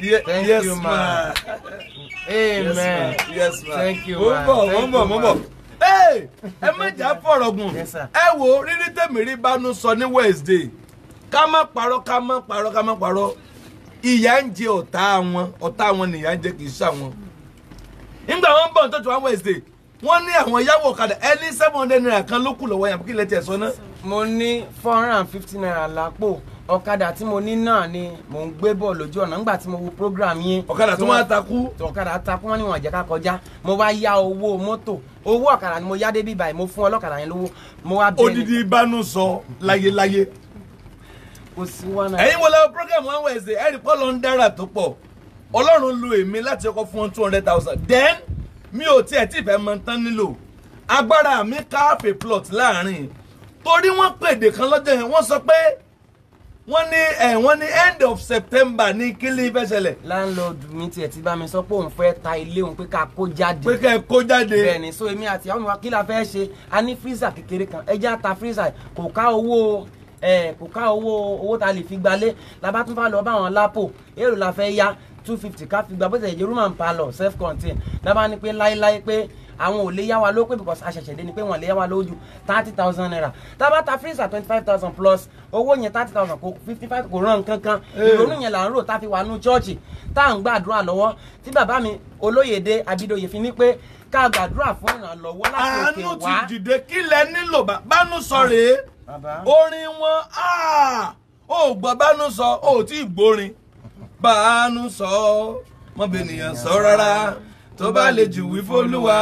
Thank yes, you, man. Amen. Yes, man. Thank you, man. Mo ń bọ̀, mo ń bọ̀, mo ń bọ̀. Ẹ má fọ̀rọ̀ gùn. Ẹ wo rírí tèmi rí bánú sọ ní Wednesday. Ká má parọ́, ká má parọ́, ká má parọ́. Ìyà ń jẹ ọ̀tá wọn, ọ̀tá wọn nìyà ń jẹ kì í ṣà wọn. Nígbà wọn bọ̀ tó tún Wednesday, wọ́n ní àwọn yáwó ọ̀kadà ẹni seven hundred naira kan ló kù lọ́wọ́ yàtọ̀ kí lè tẹ̀ sọ náà. Mo ní four hundred and fifty naira lápò ọ̀kadà tí mo ní náà ni mò ń gbé bọ̀ lójú ọ̀nà nígbà tí mo wo program yín. ọ̀kadà tó máa takú. ọ̀kadà takú wọn ni wọn kọjá mo wá yá owó mọ́tò owó ọ̀kadà ni mo yá débi báyìí mo fún ọlọ́kadà yẹn lówó mo wá bẹ́ẹ̀ ni. odidi ìbánu sọ láyéláyé. kò sí wọn náà. ẹ̀yin wọlé program one wednesday ẹ̀rí pọ́ ló ń dára tó pọ̀ ọlọ́run lu èmi láti ọkọ̀ fún two hundred thousand then mi ò tiẹ̀ tí ì fẹ́ mi káàpì plot láàrin torí wọ́n pèdè kan lọ́jọ́ yẹn wọ́n sọ pé wọ́n ní ẹ̀ eh, wọ́n ní end of september ní kílí fẹ́ ṣẹlẹ̀. landlord mi tiẹ̀ ti bá mi sọ pé òun fẹ́ ta ilé òun pé ká kó jáde. pé ká kó jáde. bẹ́ẹ̀ni so èmi àti àwọn ìwà kí la fẹ́ ṣe a ní freezer kékeré kan ẹja ta freezer kò ká owó ẹ eh, kò ká owó owó ta lè fi gbalé la bá tún fà lọ bá àwọn lápò èrò la fẹ́ ya two fifty ká fi gba bó ṣe jẹ́ room and parlour self contained la bá ní pé láéláé pé àwọn ò lè yá wa ló pé because àṣẹ̀ṣẹ̀ dé ni pé wọ́n lè yá wa lójú thirty thousand naira tá a bá ta freezer twenty five thousand plus owó yẹn thirty thousand kò fifty five kò ràn kankan eh. ìrònú yẹn là ń rò tá a fi wà nú chọ́ọ̀chì tá à ń gbàdúrà lọ́wọ́ tí bàbá mi olóyèdè abidoye fi ní pé ká gbàdúrà fún ìrànlọ́wọ́ láti òkè wá. àánú ti dìde kílẹ̀ nílò bánú sọ ah, rèé orin wọn ah! ò gbọ́ bánú sọ ò tí ì gbórin bánú sọ mọ́bìnrin yẹn sọ rárá tó bá lè jù wí fólúwa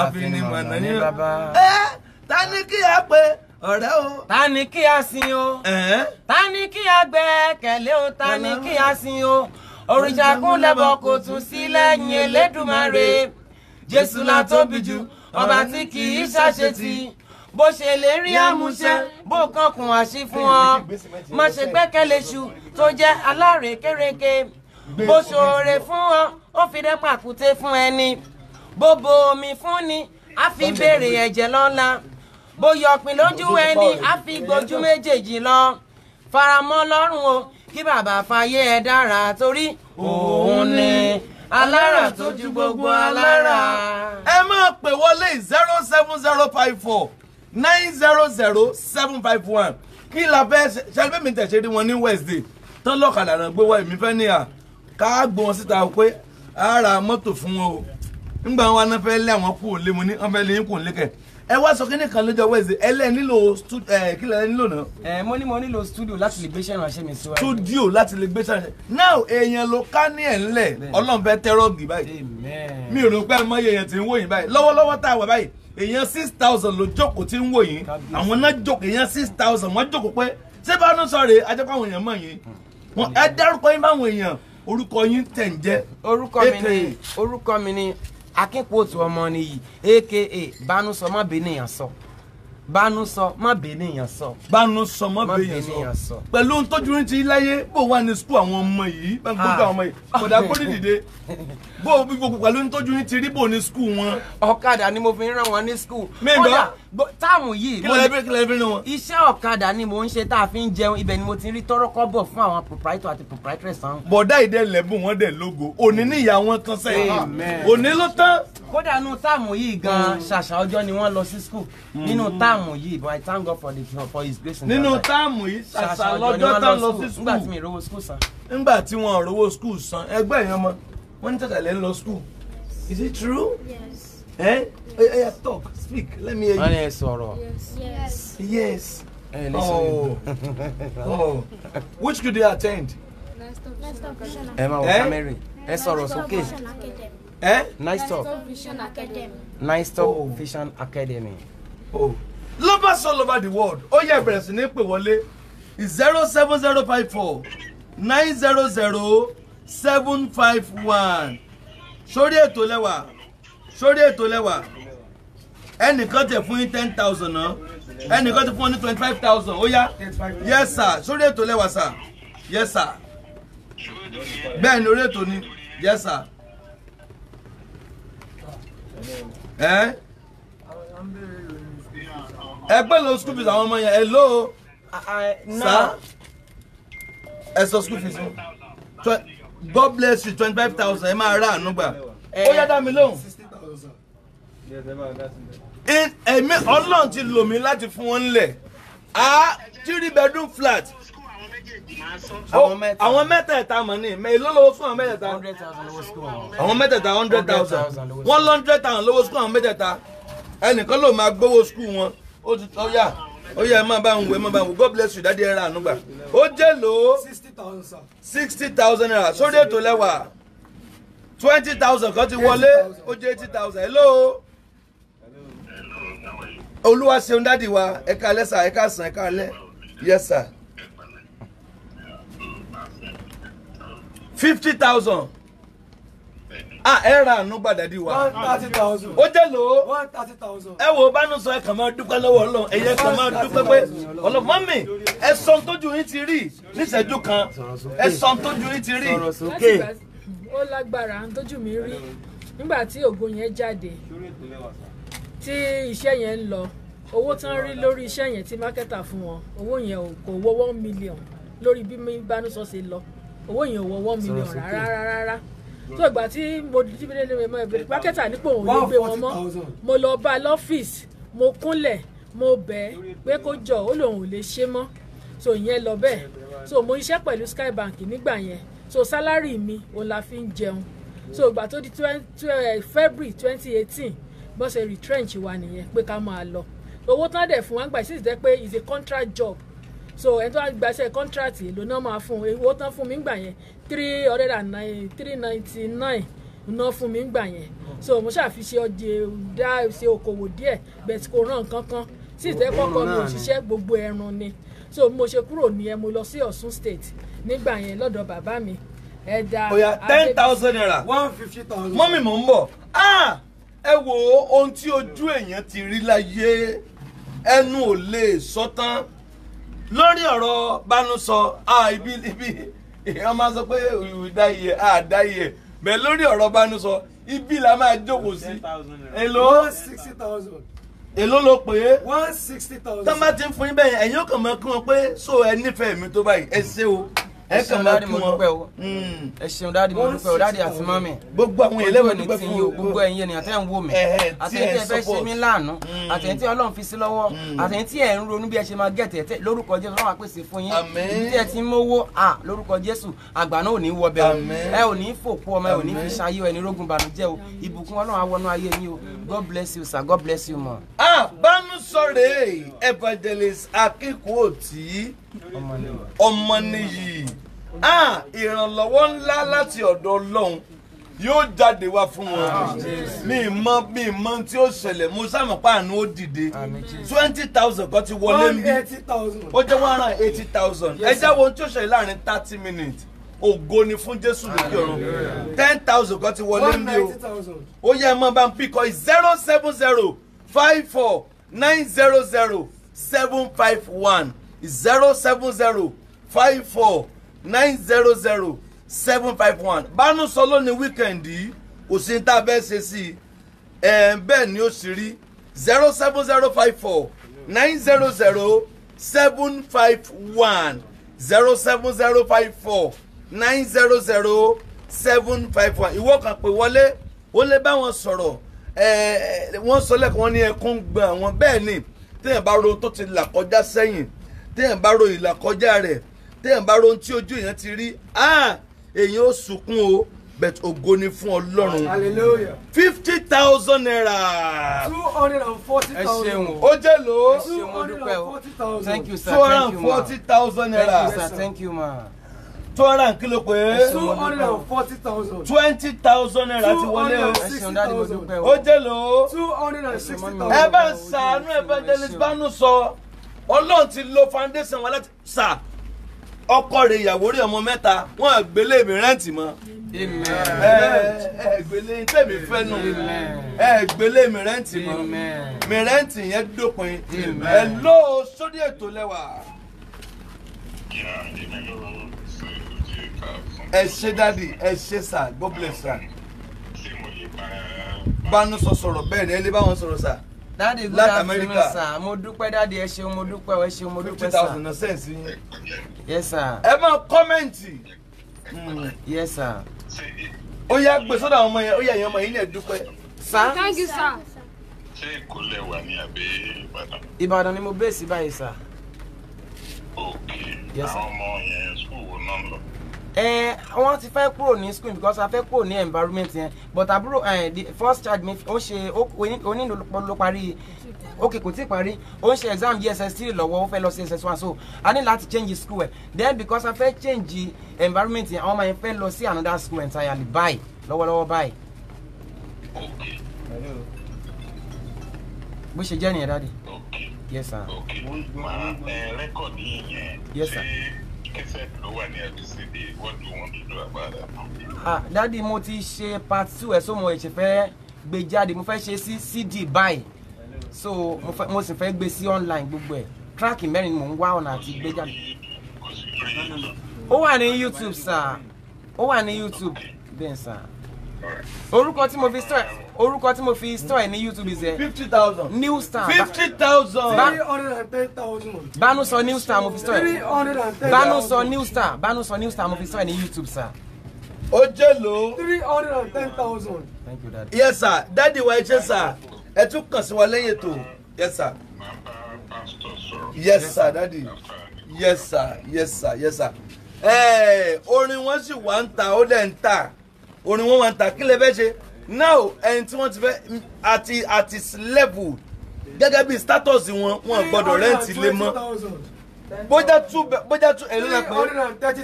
àfinimọ̀nà ní bàbá. ẹ ta ni kí a pè ọ̀rẹ́ o. ta ni kí a sìn o. ta ni kí a gbẹ́kẹ̀lé o ta ni kí a sìn o. òrìṣà kún lẹ́bọ̀ kò tún sí lẹ́yìn Elédùmarè. Jésù la tóbi jù ọba tí kì í ṣàṣetì bó ṣe lè rí àmúṣe bó kankun àṣì fún ọ má ṣe gbẹ́kẹ̀lé tó jẹ́ alárèékérekè bó ṣoore fún ọ ó fi dẹ́pà kúté fún ẹni bó omi fún ni a fi béèrè ẹ̀jẹ̀ lọ́la bó yọpin lójú ẹni a fi gbójú méjèèjì lọ faramọ́ lọ́rùn o kí bàbá fayé ẹ dára torí òun ni alára tó ju gbogbo alára. ẹ máa pè wọlé zero seven zero five four nine zero zero seven five one kí la fẹ́ tẹ̀sẹ̀ rí wọn ní Wednesday tán lọ́kadà náà gbé wá èmi fẹ́ níyà ká gbọ́n síta pé á ra mọ́tò fún wọn o nígbà wọn náà fẹ́ lé àwọn kú òlé mo ní wọn fẹ́ lé yín kú òlé kẹ ẹ wá sọ kí nìkan lọ́jọ́ Wednesday ẹ lẹ́ nílò kí lẹ́ nílò náà. ẹ mo ní mo nílò studio láti lè gbé iṣẹ́ ìrànṣẹ́ mi síwájú. studio láti lè gbé iṣẹ́ ìrànṣẹ́ now èèyàn ló ká ní ẹ̀ ńlẹ̀ ọlọ́run fẹ́ tẹ́rọ̀gì báyìí mi ò rò pé àmọ́ èèyàn ti ń wò yín báyìí lọ́wọ́lọ́wọ́ tá a wà báyìí èèyàn six thousand ló jókòó tí ń wò yín àwọn náà jókòó èèyàn six thousand wọ́n jókòó pé ṣé bá a nù sọ̀rọ̀ ajẹ́pọ̀ àwọn èèyàn mọ̀ yín hmm. ẹ dárúkọ yín báwọn èèyàn orúkọ yín tẹ̀ ń jẹ́. orúkọ mi ni orúkọ mi ni akínpọ̀tù ọmọ nìyí aka Bánúsọ má bẹ nìyàn sọ Bánúsọ má bẹ nìyàn sọ. Bánúsọ má bẹ nìyàn sọ. pẹ̀lú ohun ní ti láyé bó wà ní sukú àwọn ọmọ yìí bá ń ah. ọmọ yìí kódà kó ní dìde bó pẹ̀lú ohun ní ti rí bò ní sukú wọn. ọ̀kadà ni mo fi ń rán wọn ní sukú. mẹ́ẹ̀dọ́ táàmù yìí iṣẹ́ ọ̀kadà ni mò ń ṣe tá a fi ń jẹun ibẹ̀ ni mo ti rí tọ́rọ́ kọ́bọ̀ fún àwọn proprietor àti proprietress àwọn. bọ̀dá ìdẹ lẹ́bùn wọn dẹ̀ lógo òní ní ìyá wọn tán sẹ́yìn òní ló tán. kódà nínú táàmù yìí gan mm. ṣàṣà ọjọ́ ni wọ́n lọ sí school nínú mm. táàmù yìí but I thank God for the for his grace. nínú táàmù yìí ṣàṣà lọ́jọ́ tán lọ sí school nígbà tí mi rówó school san. nígbà tí wọn rówó school san ẹgbẹ́ yẹn mọ wọ́n ní tẹ̀tẹ̀ lẹ́ school is it true? Eh? Hey, eh, eh, hey, eh, talk, speak. Let me hear you. Yes, Yes. Yes. Hey, oh. oh. Which school do you attend? Nice Talk Nice talk. Emma máa wọ kámẹ́rì. Ẹ sọ̀rọ̀ Eh? Nice Talk Nice Talk oh. Vision Academy. Oh. Lovers all over the world. Ó yẹ bẹ̀rẹ̀ name ní Wale wọlé. Zero seven zero five four nine zero zero seven five one. Sórí ètò lẹ́wà sórí ètò lẹ́wà ẹnìkan tẹ̀ fún yín ten thousand náà ẹnìkan tẹ̀ fún yín twenty five thousand ó yá yes sir sórí ètò lẹ́wà sir yes sir bẹ́ẹ̀ ni orí ètò ni yes sir. ẹgbẹ́ lo school fees àwọn ọmọ yẹn hello sir ẹ sọ school fees fún god bless you twenty five thousand ẹ máa rà ànúgbà ó yá dá mi lóhùn èmi ọlọ́run ti lò mí láti fún wọn lẹ̀ a three bedroom flat àwọn mẹ́tẹ̀ẹ̀ta mọ̀ ní mẹ́ ìlú lówó fún àwọn mẹ́tẹ̀ẹ̀ta àwọn mẹ́tẹ̀ẹ̀ta hundred thousand one hundred thousand lówó school àwọn mẹ́tẹ̀ẹ̀ta ẹnìkan ló máa gbowó school wọn ó ti tọ́ yà ó yẹ máa bá ń wé máa bá ń wé god bless you dáadé ẹ ra ànúgbà ó jẹ́ lò ó sixty thousand naira sórí ètò lẹ́wà twenty thousand kan ti wọlé ó jẹ́ eighty thousand hello olúwa ṣeun dáàdi wa ẹ ká alẹ́ sà ẹ ká sàn ẹ ká alẹ́ yes sir fifty thousand ah ẹ ra àánú gbàdádì wa ó jẹ́ lò ó ẹ wò ó bá nù sọ ẹ kàn máa dúpẹ́ lọ́wọ́ ọlọ́run ẹ̀yẹ kàn máa dúpẹ́ pé ọlọ́run mọ́mì ẹ sọ ohun tójú yín ti rí níṣẹ́jú kan ẹ sọ ohun tójú yín ti rí. ó lágbára ohun tójú mi rí nígbà tí ògo yẹn jáde tí iṣẹ́ yẹn ń lọ owó tí wọ́n rí lórí iṣẹ́ yẹn tí mákẹ́tà fún wọn owó yẹn kò wọ one million lórí bí mi bánúsọ ṣe lọ owó yẹn ò one million rárá rárá rárá tó ìgbà tí mo jí bílẹ̀ lórí mọ́ ìbẹ̀rẹ̀ mákẹ́tà nípò òun ló gbé wọn mọ́ mo lọ bá a lọ́fíìsì mo kúnlẹ̀ mo bẹ̀ ẹ́ pé kó jọ ó lòun ò lè ṣe mọ́ so ìyẹn lọ bẹ́ẹ̀ so mo iṣẹ́ pẹ̀lú Skybank nígbà yẹn so salary mi òun la fi ń jẹun so ìgbà tó di February twenty eighteen bó ṣe retrench wa nìyẹn pé ká máa lọ owó tán dẹ̀ fún wa ń gbà sí ìsìtẹ́ pé it's a contract job so ẹni tó wá gbaṣẹ́ contract ló náà máa fún owó tán fún mi ń gbà yẹn three hundred and nine three ninety nine ná fún mi ń gbà yẹn so mo ṣáà fi ṣe ọjẹ dá ṣe okòwò díẹ̀ bẹ́ẹ̀ tí kò ràn kankan sì tẹ́ kọ́kọ́ mi ò ṣiṣẹ́ gbogbo ẹran ni so mo ṣe kúrò nìyẹn mo lọ sí Ọ̀ṣun state nígbà yẹn lọ́dọ̀ bàbá mi ẹ̀dá. oya ten thousand naira one fifty thousand. mọ́mì mò ń bọ̀ ah ẹ wo ohun tí ojú èèyàn ti rí láyé ẹnu ò lè sọ tán lórí ọ̀rọ̀ bánúsọ ibi ibi èèyàn máa sọ pé ìwé dá iye bẹ́ẹ̀ lórí ọ̀rọ̀ bánúsọ ibi la máa jókòó sí èlò sixty thousand èló ló pè é. one sixty thousand. ti ń fún yín bẹ́ẹ̀ ẹ̀yin ó kàn mọ́ kí wọ́n pé so ẹ nífẹ̀ẹ́ mi tó báyìí ẹ ṣé o ẹ kàn máa kí wọn. Hmm. ẹ ṣeun dáàdi mo dúpẹ́ o dáàdi àti mọ́mì. gbogbo àwọn èèyàn lẹ́wọ̀n dúpẹ́ fún mi. gbogbo ẹ̀yin ènìyàn tẹ́ ń wò mí. àtẹ̀yìn tí ẹ fẹ́ ṣe mí láàánú. Hmm. àtẹ̀yìn tí ọlọ́run fi sí lọ́wọ́. Hmm. àtẹ̀yìn tí ẹ ń ronú bí ẹ ṣe máa gẹ̀tẹ̀ tẹ́ lórúkọ jésù ọlọ́run àpèsè fún yín. ibi tí ẹ ti ń mówó à lórúkọ jésù àgbà náà ò ní wọ bẹ́ẹ̀. ẹ ò ní fòkú ọmọ ẹ ò ní fi ṣayé ẹni rógun bànújẹ́ o. ìbùkún ọlọ́run á wọnú ayé yín o. God bless you sir God bless you ma. ah sọ̀rẹ́ evangelist akínkùn-òtí ọmọnìyí ìrànlọ́wọ́ ńlá láti ọ̀dọ̀ ọlọ́run yóò jáde wá fún wọn mi mọ mi mọ tí ó ṣẹlẹ̀ musa mọ̀páàánú ó dìde twenty thousand kan ti wọlé mi ó jẹ́ one hundred eighty thousand ẹ jẹ́ wo tí ó ṣẹlẹ̀ láàrin thirty minutes ògo ni fún jésù lókè ọ̀run ten thousand kan ti wọlé mi o ó yẹ ẹ mọ bá ń pikọ zero seven zero five four nine zero zero seven five one zero seven zero five four nine zero zero seven five one bánú sọ lónìí wíkẹ̀ndì kò sí tá a bẹ́ẹ̀ ṣe sí i bẹ́ẹ̀ ni ó sì rí zero seven zero five four nine zero zero seven five one zero seven zero five four nine zero zero seven five one ìwọ kan pè wọlé ó lè bá wọn sọ̀rọ̀ wọ́n sọ lẹ́kọ̀ọ́ wọn ní ẹkún gbà wọn bẹ́ẹ̀ ni téèyàn bá ro tó ti là kọjá sẹ́yìn téèyàn bá ro ìlà kọjá rẹ̀ téèyàn bá ro tí ojú èèyàn ti rí èèyàn ó sunkún o bẹ́ẹ̀ ògo ni fún ọlọ́run fifty thousand naira. two hundred and forty thousand. o. jẹ́ lò ó. ẹ ṣeun o dúpẹ́ thank you sir two hundred and forty thousand naira. thank you sir thank you ma two hundred and kilo pé. two hundred and forty thousand. twenty thousand naira ti wọlé o. ó jẹ́ lò ó. two hundred and sixty thousand. ẹ bá ń sàánú evangelist bánú sọ ọlọ́run ti lo foundation wọn láti sà ọkọ rẹ ìyàwó rẹ ọmọ mẹ́ta wọn àgbélé mi rẹ́ǹtì mọ́. ẹgbẹ́lé tẹ̀mí fẹ́ nù ẹgbẹ́lé mi rẹ́ǹtì mọ́ mi rẹ́ǹtì yẹn dópin ẹ̀ lọ́ọ́ sórí ètò lẹ́wà. Yeah, I didn't know ẹ ṣe dádì ẹ god bless sà. Banu sọ sọ̀rọ̀ bẹ́ẹ̀ ni ẹ lè bá wọn sọ̀rọ̀ sà. dádì good afternoon sà mo dúpẹ́ dádì ẹ ṣeun mo dúpẹ́ ẹ ṣeun mo dúpẹ́ sà. fifty thousand náà sẹ́ǹsì yes sà. ẹ máa kọ́mẹ̀ntì. yes sà. ó yá gbé sọ́dọ̀ àwọn ọmọ yẹn ó yá ẹ̀yin ọmọ yẹn ní ẹ thank you sà. ṣé èkó lẹ wà ní àbẹ́ ìbàdàn. ìbàdàn ni mo bẹ́ẹ̀ sí báyìí sà. ok àwọn ọmọ yẹn sùkúù wo náà lọ ẹ eh, wọn ti fẹ́ kúrò ní school because a fẹ́ kúrò ní environment yẹn but àbúrò eh, the first child mi ó ṣe onílò ló parí okay kò tí ì parí ó ń ṣe exam JSS three lọ́wọ́ ó fẹ́ lọ sí SS one so a ní láti change school ẹ̀ then because a fẹ́ change environment yẹn àwọn ọmọ yẹn fẹ́ lọ sí another school entirely báyìí lọ́wọ́lọ́wọ́ báyìí. bó ṣe jẹ́ nìyẹn dáadé. yes sir. máa ẹ rẹ́kọ̀dì yẹn. yes sir. Ah, dádì mo ti ṣe part two ẹ̀ so mo ṣe fẹ́ gbé jáde mo fẹ́ ṣe sí CD buy. so mo sì fẹ́ gbé sí online gbogbo ẹ̀ track mẹ́rin ni mò ń wá ọ̀nà àti gbé jáde. ó wà ní YouTube sir ó wà ní YouTube bẹ́ẹ̀ sir orúkọ tí mo fi sọ orúkọ tí mo fi store ẹ̀ ní youtube ṣe. Eh, fifty thousand. new star. fifty thousand. three hundred and ten thousand. banu sọ new star mo fi store ẹ̀. three hundred and ten thousand. banu sọ new star banu sọ new star mo fi store ẹ̀ ní youtube sir. ó jẹ́ lo. three hundred and ten thousand. thank you daddy. yes sir daddy wa ẹ ṣe sir ẹ tún kàn sí wa lẹ́yìn ètò yes sir. yes sir daddy yes sir yes sir yes sir. orin wọn sì wá ń ta ó dẹ̀ ń ta orin wọn wá ń ta kí lè fẹ́ ṣe now ẹni tí wọ́n ti fẹ́ at his at his level gẹ́gẹ́ bí status wọn wọn gbọ́dọ̀ rẹ́ǹtì lé mọ́ bójá two bójá two ẹ̀rọ náà pé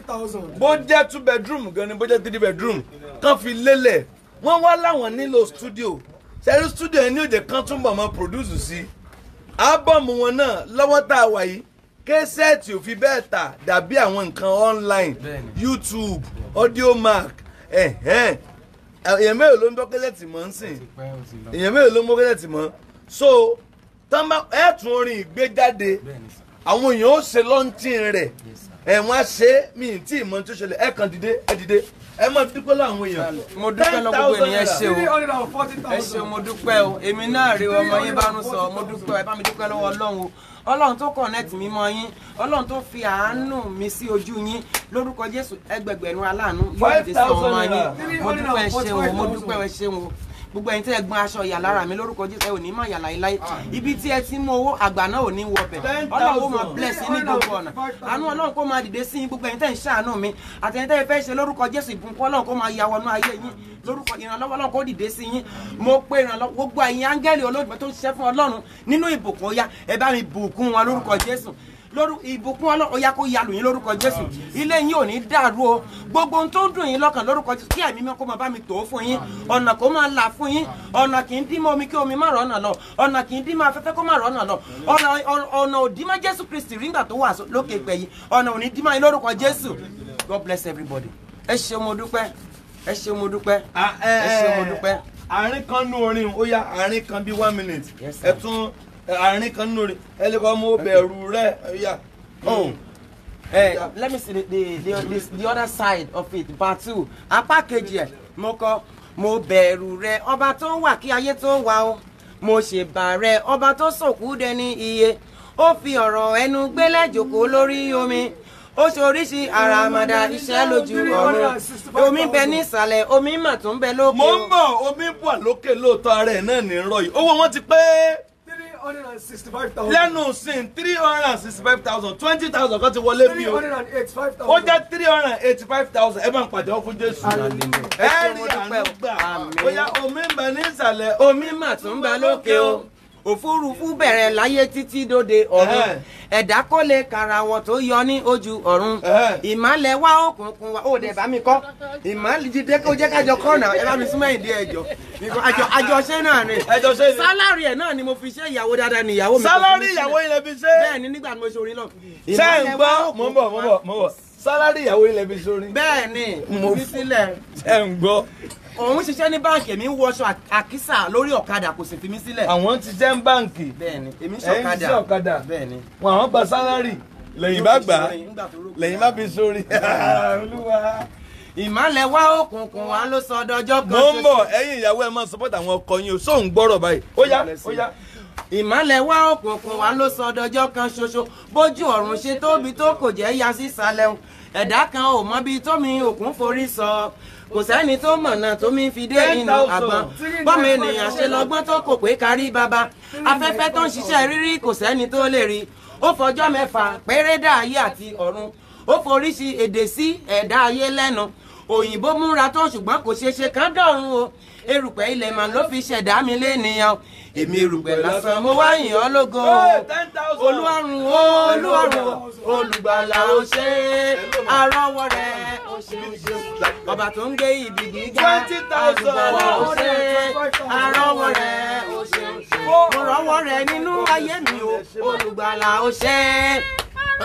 bójá two bedroom gan ni bójá three bedroom kan fi lélẹ̀ wọ́n wá láwọn nílò studio ṣẹ́rí studio ẹni òde kan túnbọ̀ mọ́ produce sí ábọ̀mù wọn náà lọ́wọ́ tá a wà yìí kẹsẹ̀tì ò fi bẹ́ẹ̀ tà dàbí àwọn nǹkan online YouTube Audiomack ẹ̀hẹ́n. Eh, eh èèyàn mélòó ló ń dọ́kẹ́lẹ́tì mọ́ ń sìn èèyàn mélòó ló ń dọ́kẹ́lẹ́tì mọ́ so tọ́mbà ẹ̀ tún orin ìgbé jáde àwọn èèyàn ó ṣe lọ́ńtìn rẹ̀ ẹ̀wọ̀n á ṣe mí tí ìmọ̀ tó ṣẹlẹ̀ ẹ̀ kàn dìde ẹ̀ dìde ẹ máa dúpẹ́ láwọn èèyàn. mo dúpẹ́ lọ gbogbo ènìyàn ṣe o ẹ ṣe o mo dúpẹ́ o èmi náà rí ọmọ yín bá ń sọ mo dúpẹ́ ẹ bá mi dúpẹ́ lọ́wọ́ ọlọ́run o ọlọ́run tó connect mi mọ́ yín ọlọ́run tó fi àánú mi sí ojú yín lórúkọ jésù ẹgbẹgbẹ̀rún aláàánú yóò dé sí ọmọ yín mo dúpẹ́ ṣeun mo dúpẹ́ ṣeun gbogbo ẹ̀yin tẹ́ ẹ gbọn aṣọ ìyà lára mi lórúkọ jésù ẹ ò ní mọ ìyà ibi tí ẹ ti mú owó àgbà náà ò ní wọ bẹ̀ ọlọ́run máa bless ní gbogbo ọ̀nà àánú ọlọ́run kó máa dìde sí gbogbo ẹ̀yin tẹ́ ń ṣàánú mi àtẹ̀yin tẹ́ ẹ fẹ́ ṣe lórúkọ jésù ìbùkún ọlọ́run kó máa ya wọnú ayé yín lórúkọ ìrànlọ́wọ́ ọlọ́run kó dìde sí yín mo pe ìrànlọ́wọ́ gbogbo ẹ̀yin áńgẹ́lì olódùmọ̀ tó ń ṣiṣẹ́ fún ọlọ́run nínú ìbùkún ó ẹ bá mi bùkún wọn lórúkọ jésù lórí ìbùkún ọlọ́ ó yá kó yalù lórúkọ jésù ilé yín ò ní dàrú o gbogbo ohun tó ń dùn yín lọ́kàn lórúkọ jésù kí ẹ̀mí mi kó máa bá mi tò fún yín ọ̀nà kó máa là fún yín ọ̀nà kì í dín omi kí omi má rọ́nà lọ ọ̀nà kì í dín afẹ́fẹ́ kó má rọ́nà lọ ọ̀nà òdì má jésù kristi rí nígbà tó wà lókè pẹ̀ yìí ọ̀nà ò ní yín lórúkọ jésù god bless everybody ẹ ṣé mo dúpẹ́ ẹ ṣé mo dúpẹ́ ah, ẹ ṣé mo eh, dúpẹ́. àárín kan nú orin ó yá àárín kan bíi one minute ẹ tún àárín kan nínú rẹ ẹ lè kọ́ mo bẹ̀rù rẹ hmm. let me see the the the, the, other side of it part two apá kejì ẹ mo kọ mo bẹ̀rù rẹ ọba tó ń wà kí ayé tó wà o mo ṣèbà rẹ ọba tó sòkú dẹni iye ó fi ọ̀rọ̀ ẹnu gbélé jòkó lórí omi ó ṣe oríṣi àràmàdà iṣẹ́ lójú ọ̀run omi bẹ nísàlẹ̀ omi mà tún bẹ lókè. mo ń bọ̀ omi bọ̀ lókè lóòótọ́ ara ẹ̀ náà ní rọ̀ yìí owó wọn ti pé hundred three hundred and sixty-five thousand twenty thousand kan ti wọlé bí o. three hundred eighty-five thousand. ó jẹ́ three hundred and eighty-five thousand ẹ bá ń pàdé ọkùn Jésù. ẹ rí àánú gbà ó yá omi ń bẹ ní ìsàlẹ̀ omi mà tún bẹ lókè o òfurufú bẹ̀rẹ̀ láyé títí dóde ọ̀run ẹ̀dá kò lè kara wọn tó yọ ní ojú ọ̀run ìmálẹ̀ wá òkùnkùn wa ó dẹ̀ bá mi kọ́ ìmálẹ̀ jíde kó jẹ́ kájọ kọ́nà ẹ bá mi súnmọ́ ìdí ẹjọ́ àjọ àjọṣe náà ni sálárì ẹ̀ náà ni mo fi ṣe ìyàwó dáadáa ni ìyàwó mi. sálárì fi ṣe. bẹ́ẹ̀ nígbà tí mo ṣe orin náà. sẹ́yìn gbọ́ mo ń bọ̀ sálárì ìyàwó ilẹ̀ fi ṣe orin. bẹ́ẹ̀ mo fi sílẹ̀ òun ṣiṣẹ́ ní báǹkì èmi ń wọṣọ àkísà lórí ọ̀kadà kò sì fi mí sílẹ̀. àwọn ti jẹ́ ń báǹkì bẹ́ẹ̀ni èmi ṣọ̀kadà ọ̀kadà bẹ́ẹ̀ni. wọn àwọn gba sálárì lẹ́yìn bá gbà lẹ́yìn má fi sórí. ìmọ̀lẹ̀ wá òkùnkùn wa ló sọ ọdọọjọ́ kan ṣoṣo. mo ń bọ̀ ẹ̀yin ìyàwó ẹ máa support àwọn ọkọ yín o sóun gbọ́rọ̀ báyìí ó yá ó wá òkùnkùn wa ló sọ dọjọ́ kò sẹ́ni tó mọ̀nà tó mi fi dé inú àgbọn bọ́mọ ènìyàn ṣe lọ́gbọ́n tó kò pé kárí bàbá afẹ́fẹ́ tó ń ṣiṣẹ́ rírí kò sẹ́ni tó lè rí ó fọjọ́ mẹ́fà péré dá ayé àti ọ̀run ó foríṣi èdè sí ẹ̀dá ayé lẹ́nu òyìnbó múra tó ṣùgbọ́n kò ṣeé kán dọ̀run o erùpẹ̀ ilẹ̀ mà ló fi ṣẹ̀dá mi lé ènìyàn èmi erùpẹ̀ lásán mo wá yìn ọ́ lógo olúwarùn olúwarùn olùgbàlà ó ṣe arọ́wọ́ rẹ̀ ó ṣe ó ṣe ọba tó ń gbé ibi gíga olùgbàlà ó ṣe arọ́wọ́ rẹ̀ ó ṣe ó ṣe mo rọ́wọ́ rẹ̀ nínú ayé mi o olùgbàlà ó ṣe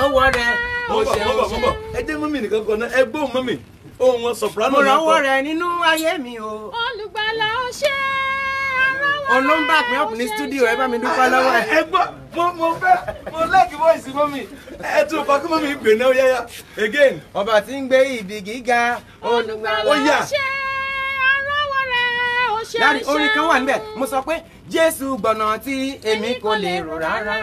ọwọ́ rẹ̀ ó ṣe ó ṣe. ẹ jẹ́ mọ́mì nìkan kan náà ẹ gbóhùn mọ́mì ohun wọn soprano náà kọ. mo rọ́wọ́ rẹ̀ nínú ayé mi o olùgbàlà ó ṣe é olóń back me up ní studio ẹ bá mi dúpẹ́ lọ́wọ́ ẹ. ẹ gbọ́ mo mo fẹ́ mo like voice mọ́mì ẹ tún ọkọ kí mọ́mì gbè náà yáyá again. ọba tí ń gbé ibi gíga olùgbàlà ṣe arọ́wọ́ rẹ̀ ó ṣe é ṣe. láti orin kan wà níbẹ̀ mo sọ pé jésù gbọ̀nà tí èmi kò lè rò rárá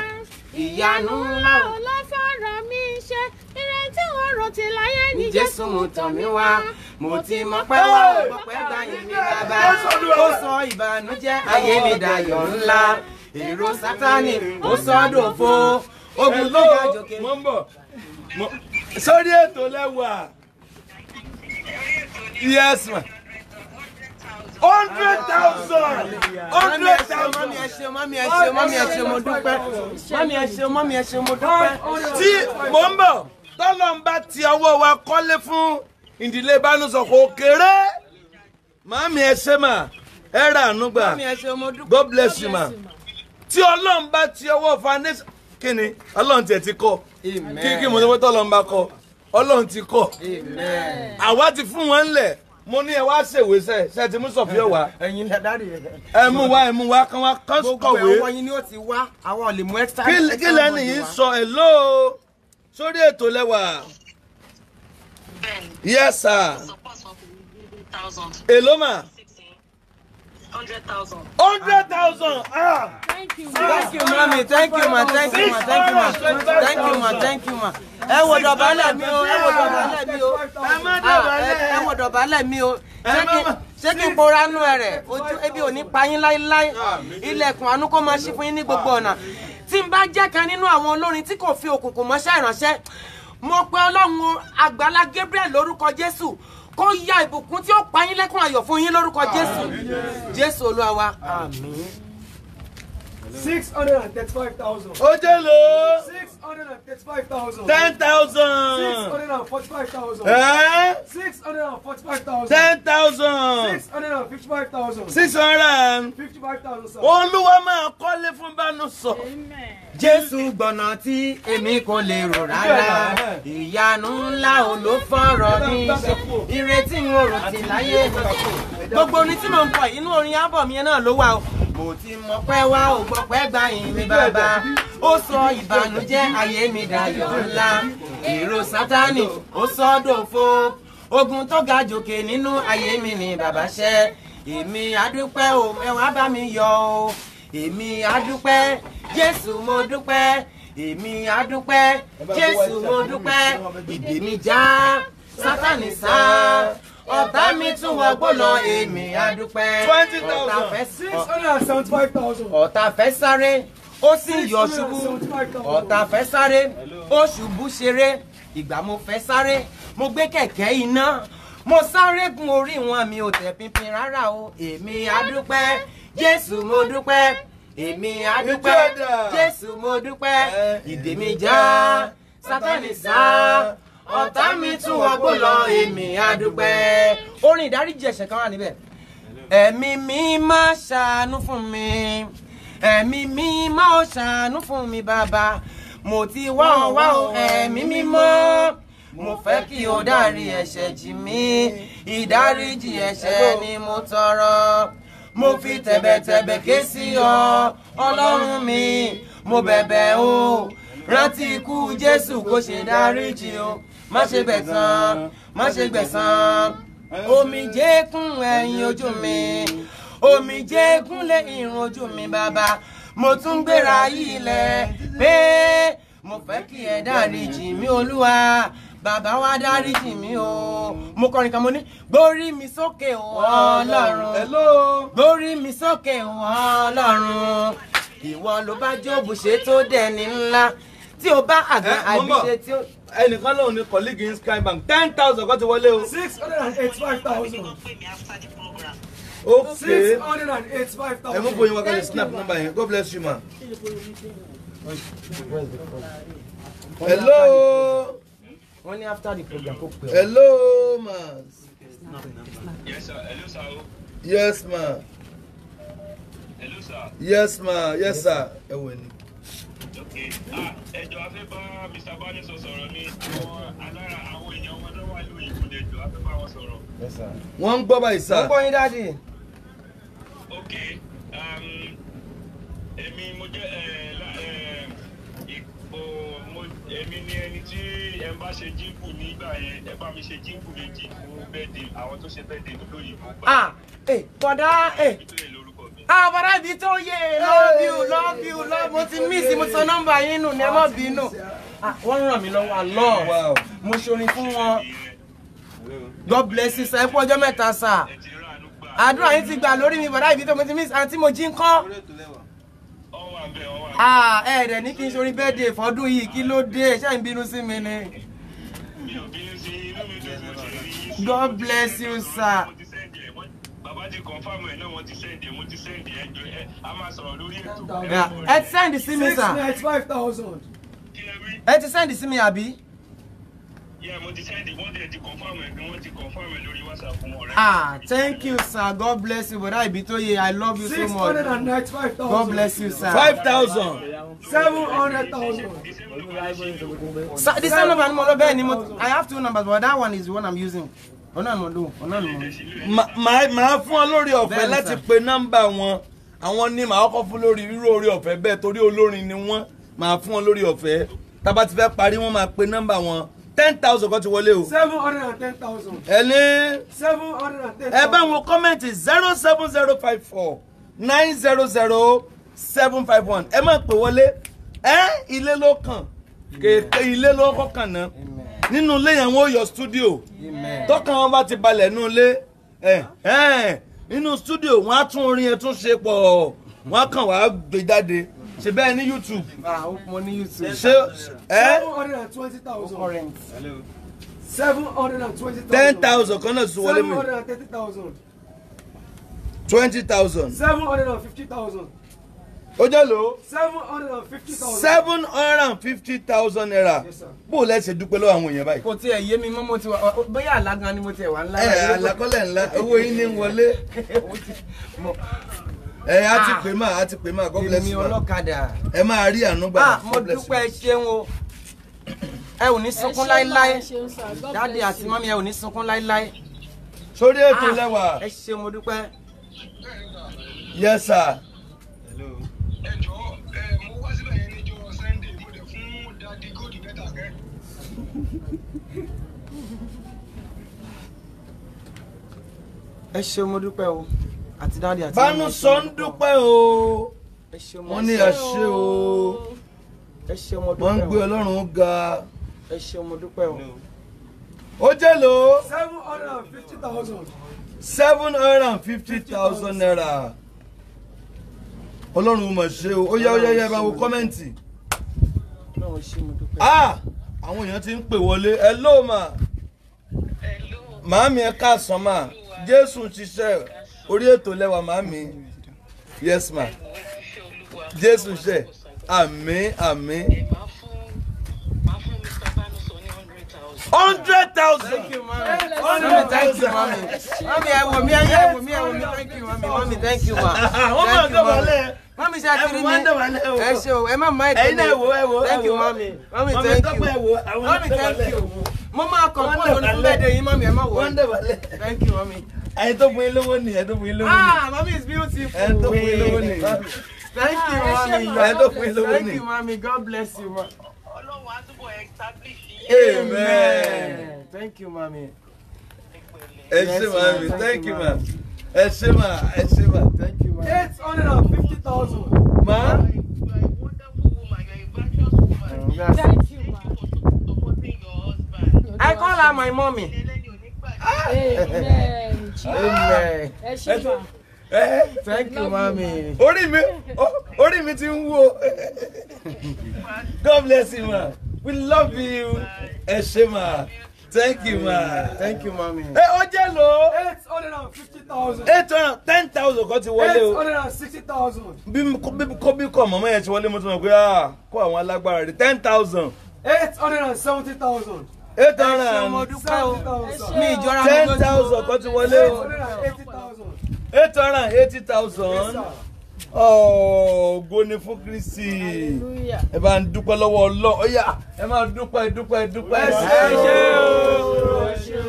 ìyanu ńlá o ló fọ̀rọ̀ mi ṣe ìrètí ọ̀rọ̀ tí láyé ní Jésù mo tàn mí wá mo ti mọ pé wọ́n mọ pé báyìí mi bàbá ó sọ ìbànújẹ́ ayé mi dayọ̀ ńlá èrò Sátánì ó sọ́dọ̀ fo ogun tó ga jòkè. sórí ètò lẹ́wà yes ma hundred thousand hundred thousand. mami ẹ ṣe mami ẹ ṣe mami ẹ ṣe mo dúpẹ́ mami ẹ mami ẹ ṣe mo dúpẹ́. tí mò ń bọ̀ tọ́lọ́ ń bá ti ọwọ́ wa kọ́lé fún ìdílé Bánúsọ̀kọ̀ kéré mami ẹ ṣe mà ẹ rà ànú gbà God bless you ma tí ọlọ́run bá ti ọwọ́ foundation kí ni ọlọ́run tiẹ̀ ti kọ́ kí kí mo ṣe pé tọ́lọ́run bá kọ́ ọlọ́run ti kọ́ àwa ti fún wọn lẹ̀ mo ní ẹ wá ṣèwé sẹ ṣe ti mú sọfíọ wá. ẹyin dáadé yẹn. ẹ mú wá ẹ mú wá kán wá kán kọwé. gbogbo ẹ̀wọ̀n yín ni ó ti wá àwọn lè mú extra. kí lẹ́nu yìí sọ ẹ̀ lóo sórí ètò lẹ́wà. yes sir. èló mà hundred thousand. hundred thousand. ah. thank you ah. thank you mami thank you ma thank you ma thank you ma thank you ma thank you ma ẹ wò dọ̀bálẹ̀ mi o ẹ wò dọ̀bálẹ̀ mi o ẹ ah, wò dọ̀bálẹ̀ mi o ṣé kí n bora nú ẹ rẹ ojú ebi ò ní pa yín láéláé ah, ilẹ̀kùn àánú kó máa ṣí fún yín ní gbogbo ọ̀nà tí n bá jẹ́ kan nínú àwọn olórin tí kò fi òkùnkùn mọ́ṣẹ́ ìránṣẹ́ mo pe ọlọ́run àgbàlá Gabriel lórúkọ Jésù kó ya ìbùkún tí ó pa yín lẹ́kùn ayọ̀ fún yín lórúkọ Jésù Jésù Olúwa wa six hundred and thirty-five thousand. ó jẹ́ lóò. six 645,000. 10,000. 645,000. Eh? 645,000. 10,000. 655,000. 655,000. Olúwa máa kọ́lé fún bánú sọ. Jésù gbọ̀nà tí èmi kò lè rò rárá. Ìyanu ńlá ò ló fọ̀rọ̀ mi. Ìrètí ń rò tí láyé. Gbogbo orin tí mò ń kọ inú orin ábọ̀ mi náà ló wà o. Mo ti mọ̀ pé wá ò gbọ́ pẹ́ gba ìrìn bàbá. Ó sọ ìbànújẹ́. ayé mi dayọ̀ ńlá èrò sátánì ó sọ́dọ̀fó ogun tó ga jòkè nínú ayé mi ni bàbá ṣẹ́ èmi adúpẹ́ o ẹwà bá mi yọ o èmi adúpẹ́ Jésù mo dúpẹ́ èmi adúpẹ́ Jésù mo dúpẹ́ ìdè mi já sátánì sá ọ̀tá mi tún èmi adúpẹ́ ọ̀tá ó sì yọ ṣubú ọ̀tá fẹ́ sáré ó ṣubú ṣeré ìgbà mo fẹ́ sáré mo gbé kẹ̀kẹ́ iná mo sáré gun orí wọn mi ò tẹ̀ pinpin rárá o èmi adúpẹ́ Jésù mo dúpẹ́ èmi adúpẹ́ Jésù mo dúpẹ́ ìdè mi já Sátánì sá ọ̀tá mi tún wọgbó lọ èmi adúpẹ́. orin ìdáríjì ẹ̀ṣẹ̀ kan wà níbẹ̀. ẹ̀mí mi máa ṣàánú fún mi ẹ̀mí mímọ́ ṣàánú fún mi bàbá mo ti wá ọ wá ọ ẹ̀mí mímọ́ mo fẹ́ kí o dárí ẹ̀ṣẹ̀ jì mí ìdáríjì ẹ̀ṣẹ̀ ni mo tọrọ mo fi tẹ̀bẹ̀tẹ̀bẹ̀ ké sí ọ ọlọ́run mi mo bẹ̀bẹ̀ o rántí ikú jésù kó ṣe dáríjì o má ṣe gbẹ̀san má ṣe gbẹ̀san omijé kún ẹ̀yìn ojú mi omijé gúnlẹ̀ ìrùn ojú mi bàbá mo tún gbéra yìí pé mo fẹ́ kí ẹ dáríjì mí olúwa bàbá wa dáríjì mí o mo kọrin kan mo ní gbórí mi sókè o gbórí mi sókè o ìwọ ló bá jóòbù ṣe tó dẹni ńlá tí o bá àgbà eh, àbí tí o. ẹnìkan lòun ni colleague in sky ten thousand kan ti wọlé o. six hundred and eighty-five thousand okay. 685,000. ẹ mú bóyin wá snap number yẹn God bless you ma. hello. Only after the program hello ma. yes sir hello sir yes ma. hello sir. yes ma yes sir ẹ wọ ni. Ah, ẹjọ́ afẹ́ bá Mr. bani so sọ̀rọ̀ mi àwọn alára àwọn èèyàn wọn lọ́wọ́ lóyún ìkúndẹ̀jọ́ afẹ́ bá wọn sọ̀rọ̀. wọ́n ń gbọ́ báyìí sá. wọ́n ń gbọ́ yín dáadé ok um, èmi mo jẹ́ eh, eh, ipò èmi ni ẹni tí ẹ bá ṣe jíǹkù nígbà yẹn ẹ bá mi ṣe jíǹkù méjì fún bẹ́ẹ̀dì àwọn tó ṣe bẹ́ẹ̀dì nílò ìbò ah ẹ kọ̀dá ẹ ah bọ̀dá ibi tó yé e love you eh. love you love mo ti miss mo sọ nọ́mbà yín nù ní ẹ má bínú ah, wọ́n ràn mí lọ́wọ́ àlọ́ mo ṣorin fún wọn God bless you sir ẹ kú ọjọ́ mẹ́ta sir àdúrà yín ti gbà lórí mi bọ̀dá ìbí tó mo ti miss àti mo jí ń kọ́. Ah, ẹ ẹ̀rẹ̀ ní kí n ṣorí birthday fọ́dún yìí kí ló dé ṣé ń bínú sí mi ni. God bless you sir ẹ ti send sí mi sir. ẹ ti send sí mi àbí. Ah, thank you sir. God bless you. Bọ̀dá Ìbítóyè, I love you so much. Six hundred and ninety-five thousand. God bless you sir. Five thousand. Seven hundred thousand. The same number ni mo ni mo I have two numbers but that one is the one I'm using ọ̀nàmọ̀lò ọ̀nàmọ̀. màá fún ọ lórí ọ̀fẹ́ láti pe nọ́mbà wọn àwọn ní màá kọ́ fún lórí ríró orí ọ̀fẹ́ bẹ́ẹ̀ torí olórin ni wọ́n màá fún ọ lórí ọ̀fẹ́ tá bá ti fẹ́ parí wọ́n máa pe nọ́mbà wọn ten thousand kan ti wọlé o. seven hundred and ten thousand. ẹ seven hundred and ten thousand. ẹ bá wọn kọ́mẹ̀ntì zero seven zero five four nine zero zero seven five one ẹ máa pè wọlé ẹ ilé ló kàn kéèké ilé ló kọkàn náà nínú ilé yẹn wọn yọ studio tọkàn wọn bá ti balẹ̀ nínú ilé nínú studio wọn á tún orin yẹn tún ṣe pọ̀ wọn á kàn wá gbé jáde ṣe bẹ́ẹ̀ ní YouTube. mo ah, ní YouTube. ṣé ẹ. seven hundred and twenty thousand. current. seven hundred and twenty thousand. ten thousand kan náà wọlé mi. seven hundred and thirty thousand. twenty thousand. seven hundred and fifty thousand. ó jẹ́ lò. seven hundred and fifty thousand. seven hundred and fifty thousand naira. bó o lẹ ṣe dúpẹ́ lọ́wọ́ àwọn èèyàn báyìí. kò tiẹ̀ yé mi mọ́ mo ti wà bóyá àlágan ni mo tiẹ̀ wà ńlá. ẹ àlàkọ́lẹ̀ ńlá owó yín ní wọlé. ẹ á ti ah. pè má á ti pè má God bless you ma èmi ọlọ́kadà ẹ máa rí àánú gbà God bless you. mo dúpẹ́ ṣeun o ẹ ò ní sunkún láéláé dáàdi àti mọ́mí ẹ ò ní sunkún láéláé. sórí ètò ah, lẹ́wà. ẹ ṣe mo dúpẹ́. yes sir. hello. ẹ jọ̀ọ́ ẹ mo wá síbẹ̀ yẹn níjọ́ Sunday mo dẹ̀ fún dáàdi góòdì mẹ́ta kẹ́. ẹ ṣe mo dúpẹ́ o àti dáàdi àti. bánú sọ ń dúpẹ́ o wọ́n ní ẹ o wọ́n ń gbé ọlọ́run ga. ẹ ṣé mo dúpẹ́ o. ó jẹ́ lò ó. seven hundred and fifty thousand. seven hundred and fifty thousand naira ọlọ́run mọ̀ ṣe o ó yá ó yá yá bá wo kọ́mẹ́ǹtì. àwọn èèyàn ti ń pè wọlé hello ma màámi ẹ káàsán ma jésù ti ṣe orí ètò lẹ́wà màmí yes ma jésù ṣe àmín àmín. hundred thousand. thank you mami hundred thousand mami mami ẹ wò mí ẹ wò mí ẹ wò mí thank you mami mami thank you ma thank you mami mami ṣe àkiri ni ẹ ṣe o ẹ má má ẹ tẹ̀lé thank you mami mami thank you mami thank you mo máa kọ̀ fún ọ̀nà lẹ́dẹ̀ẹ́ yín mami ẹ má wọ̀ thank you mami ẹni tó fún yín lówó ni ẹni tó fún yín ni. ah mami is beautiful. ẹni tó fún ah, yín lówó ni. thank you mami ẹni tó fún yín lówó ni. thank you mami god bless you. ọlọ́run á túbọ̀ establish yín. amen. thank you mami. ẹ ṣé mami thank you mami. ẹ ṣé ma ẹ ṣé ma thank you mami. eight hundred and fifty thousand. ma. Yes. Oh, thank you, ma. I call her my mommy. Ah. Hey, hey. Amen. Thank you, mommy. Orí mi, orí mi ti ń wo. God bless you, ma. We love you. Ẹ ṣé ma. Thank you, ma. Thank you, mommy. Ẹ o jẹ́ lo. Eight hundred and fifty thousand. Eight hundred ten thousand kan ti wọlé o. Eight hundred and sixty thousand. Bí kò bí kò mọ̀mọ́ yẹn ti wọlé mo ti mọ̀ pé ah, kó àwọn alágbára rẹ̀ ten thousand. Eight hundred and seventy thousand eight hundred mi ìjọra ten thousand kan ti wọlé o eight hundred and eighty thousand ògo ni fún Kristi ẹ bá ń dúpẹ́ lọ́wọ́ Ọlọ́run ó yá ẹ máa dúpẹ́ dúpẹ́ dúpẹ́ ẹ ṣé o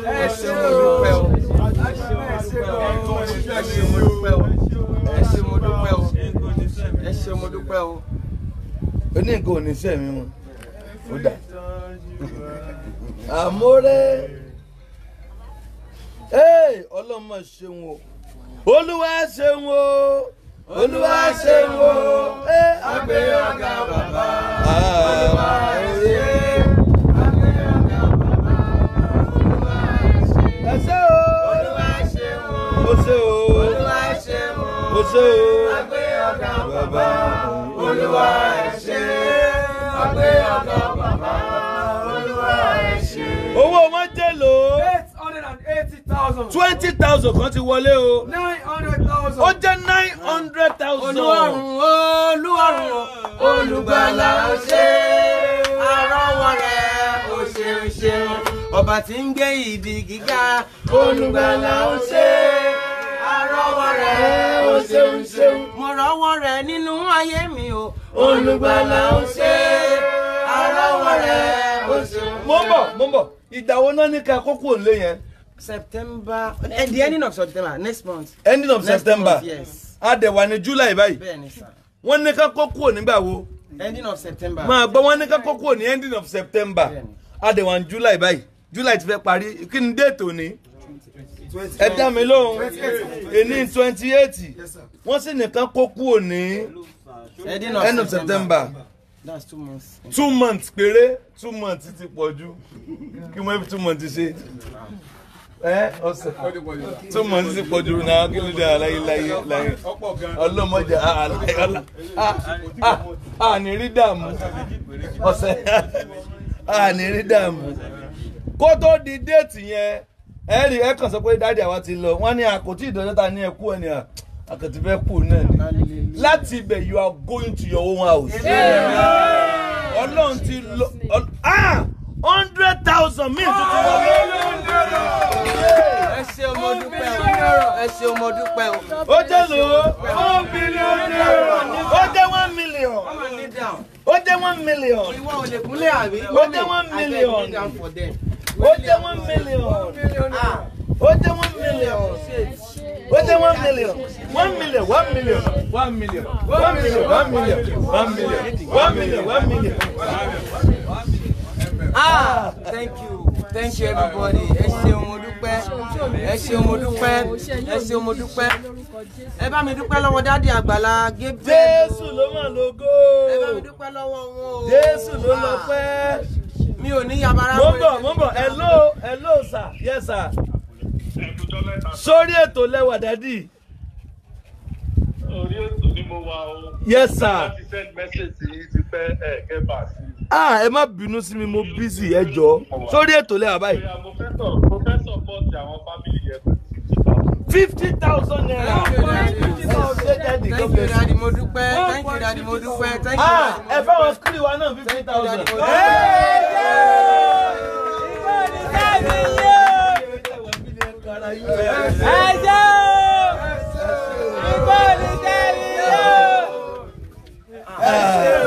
ẹ ṣé mo dúpẹ́ o ẹ ṣé mo dúpẹ́ o ẹ ṣé mo dúpẹ́ o ẹ ṣé mo dúpẹ́ o. oní nǹkan ò ní sẹ́mi mu ó dà àmórè ọlọ́mọ ṣeun o olúwa ṣeun o olúwa ṣeun o àgbẹ̀ ọ̀gá ah. bàbá olúwa ṣe àgbẹ̀ ọ̀gá bàbá olúwa ṣe ẹsẹ̀ o olúwa ṣeun o ọṣẹ àgbẹ̀ ọ̀gá bàbá owó wọn jẹ́ lò eight hundred and eighty thousand. twenty thousand kan ti wọlé o. nine hundred thousand. ó jẹ́ nine hundred thousand. olúwarùn olúwarùn olùgbàlà ó ṣe àrọ́wọ́ rẹ̀ ó ṣeun ṣeun ọba tí ń gbé ibi gíga olùgbàlà ó ṣe rọ́wọ́ rẹ̀ ó ṣeun ṣeun. mo rọ́wọ́ rẹ̀ nínú ayé mi o. olùgbàlà ó ṣe arọ́wọ́ rẹ̀ ó ṣeun. mo ń bọ̀ mo ń bọ̀ ìgbà náà ní ká kókó òǹlé yẹn. September and eh, the ending of September next month. ending of next September yes. a dẹ̀ wà ní July báyìí. bẹ́ẹ̀ni sá. wọ́n ní ká kókó nígbà wo. ending of September. máa gbọ́ wọ́n ní ká kókó ní ending of September a dẹ̀ wà ní July báyìí July ti fẹ́ parí kí ni déètì òní ẹ dá mi lóhùn èní twenty eight wọ́n sì nìkan kó kúrò ní end of September. September that's two months. two months péré two months ti pọ̀ jù kí wọ́n fi two months ṣe ẹ ọsẹ two months ti pọ̀ jù náà kí ló dé àlàyé láyé láyé ọlọ́mọdé àlàyé ọlá àní rí dààmú ọsẹ àní rí dààmú kó tó di déètì yẹn ẹ rí ẹ kàn sọ pé dáàdi àwa ti lọ wọ́n ní àkótí ìdọ́jọ́ta ní ẹkú ẹ̀ ní à àkàtúbẹ̀ kù náà ni láti ibẹ̀ you are going to your own house. ọlọ́run ti lọ ah! hundred thousand mi tuntun wọlé. ẹ ṣe ọmọ dúpẹ́ o ẹ ṣe ọmọ dúpẹ́ o. ó jẹ́ lò ó one million naira ó jẹ́ one million ó jẹ́ one million ó jẹ́ one million ó jẹ́ one million ó jẹ́ one million ó jẹ́ one million one million one million one million one million one million one million one million one million. ah thank you thank you everybody ẹ ṣeun mo dúpẹ́ ẹ ṣeun mo dúpẹ́ ẹ bá mi dúpẹ́ lọ́wọ́ dádì àgbàlá gébé. jésù ló mà lógo. ẹ bá mi dúpẹ́ lọ́wọ́ wọn o. jésù ló lọ ah. pẹ́. mi ò ní yabara. mo ń bọ̀ mo ń bọ̀ hello hello sir yes sir sórí ètò lẹ́wà dádì. orí ètò ni mo wà o. yes sir. láti send message yìí ti pẹ́ ẹ̀ kẹ́bà sí. ah ẹ má bínú sí mi mo busy ẹ jọ sórí ètò lẹ́wà báyìí. mo fẹ́ sọ àwọn fámìlì yẹn fifty thousand naira. thank you dadi mo dúpẹ́ thank ah, you dadi mo dúpẹ́ thank you dadi mo dúpẹ́. ẹ fẹ́ wọn skiri wa náà fifty thousand. ìgbà ni sábì yẹn kára yóò. ẹ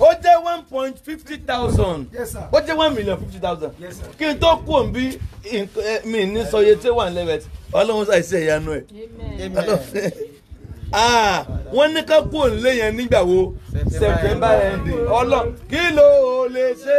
o ìbò one point fifty thousand. yes sir. ó jẹ́ one million fifty thousand. yes sir. kí n tó kú òǹbí eh, mi ní sọ iye tí wà ń lẹ́wẹ̀ẹ́ tí ọlọ́run ṣàìṣe ìyanu ẹ̀. Ah, wọ́n ní ká kú òǹlé yẹn nígbà wo september ending ọlọ́run kí ló lè ṣe.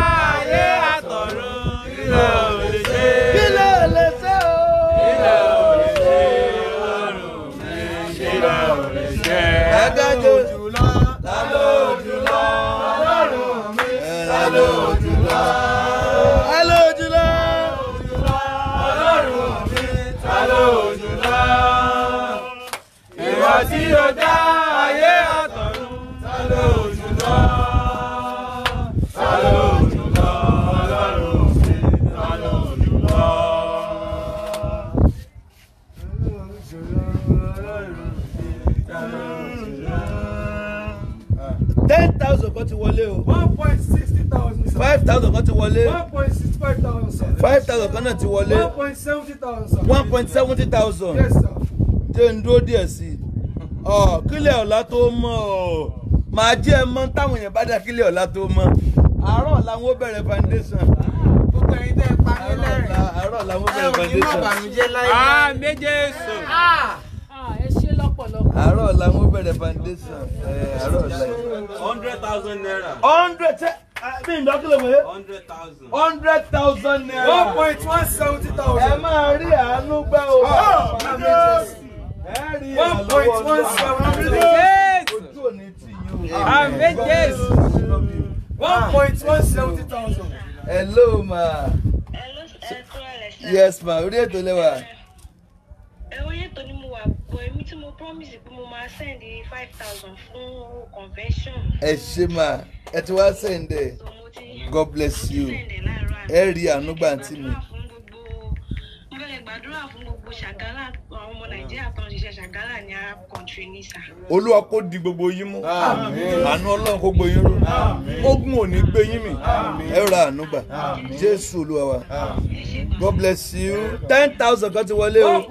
thousand kan ti wọlé. one point six five thousand. five thousand kan náà ti wọlé. one point seventy thousand. one point seventy thousand. yes sir. jẹ́ ń dúró díẹ̀ sí i. ọ̀ kílẹ̀ ọ̀la tó mọ̀ ọ́ màá jẹ́ ẹ mọ́ táwọn èèyàn bá dá kílẹ̀ ọ̀la tó mọ́. àárọ̀ làwọn ó bẹ̀rẹ̀ foundation. gbogbo ẹ̀yin tẹ́ ẹ pa mí lẹ́rìn. àárọ̀ làwọn ah! ah, ó bẹ̀rẹ̀ foundation. ẹ ò ní má bàmíjẹ́ láyé. a méje sọ. ẹ ṣe lọ́pọ̀lọpọ̀. àárọ̀ làwọn ó bẹ̀rẹ̀ foundation. hundred thousand naira. hundred hundred oh, thousand. one point one seventy thousand. ẹ máa rí one point one seventy thousand. hello ma. hello ẹ yes ma orí ètò lẹ́wà. promise pé mo máa send five thousand fún owó convention. ẹ ṣe máa ẹ ti wá send ẹ god bless you ẹ rí àánú gbàǹtí mi. mo fẹ́ gbàdúrà fún gbogbo ṣàgálà àwọn ọmọ nàìjíríà tó ń ṣiṣẹ́ ṣàgálà ní arab country ní olúwa kó di gbogbo yín mú àánú ọlọ́run kó gbé yín ró ogun ò ní gbé yín mì ẹ ra àánú gbà jésù olúwa wa god bless you ten thousand kan ti wọlé o one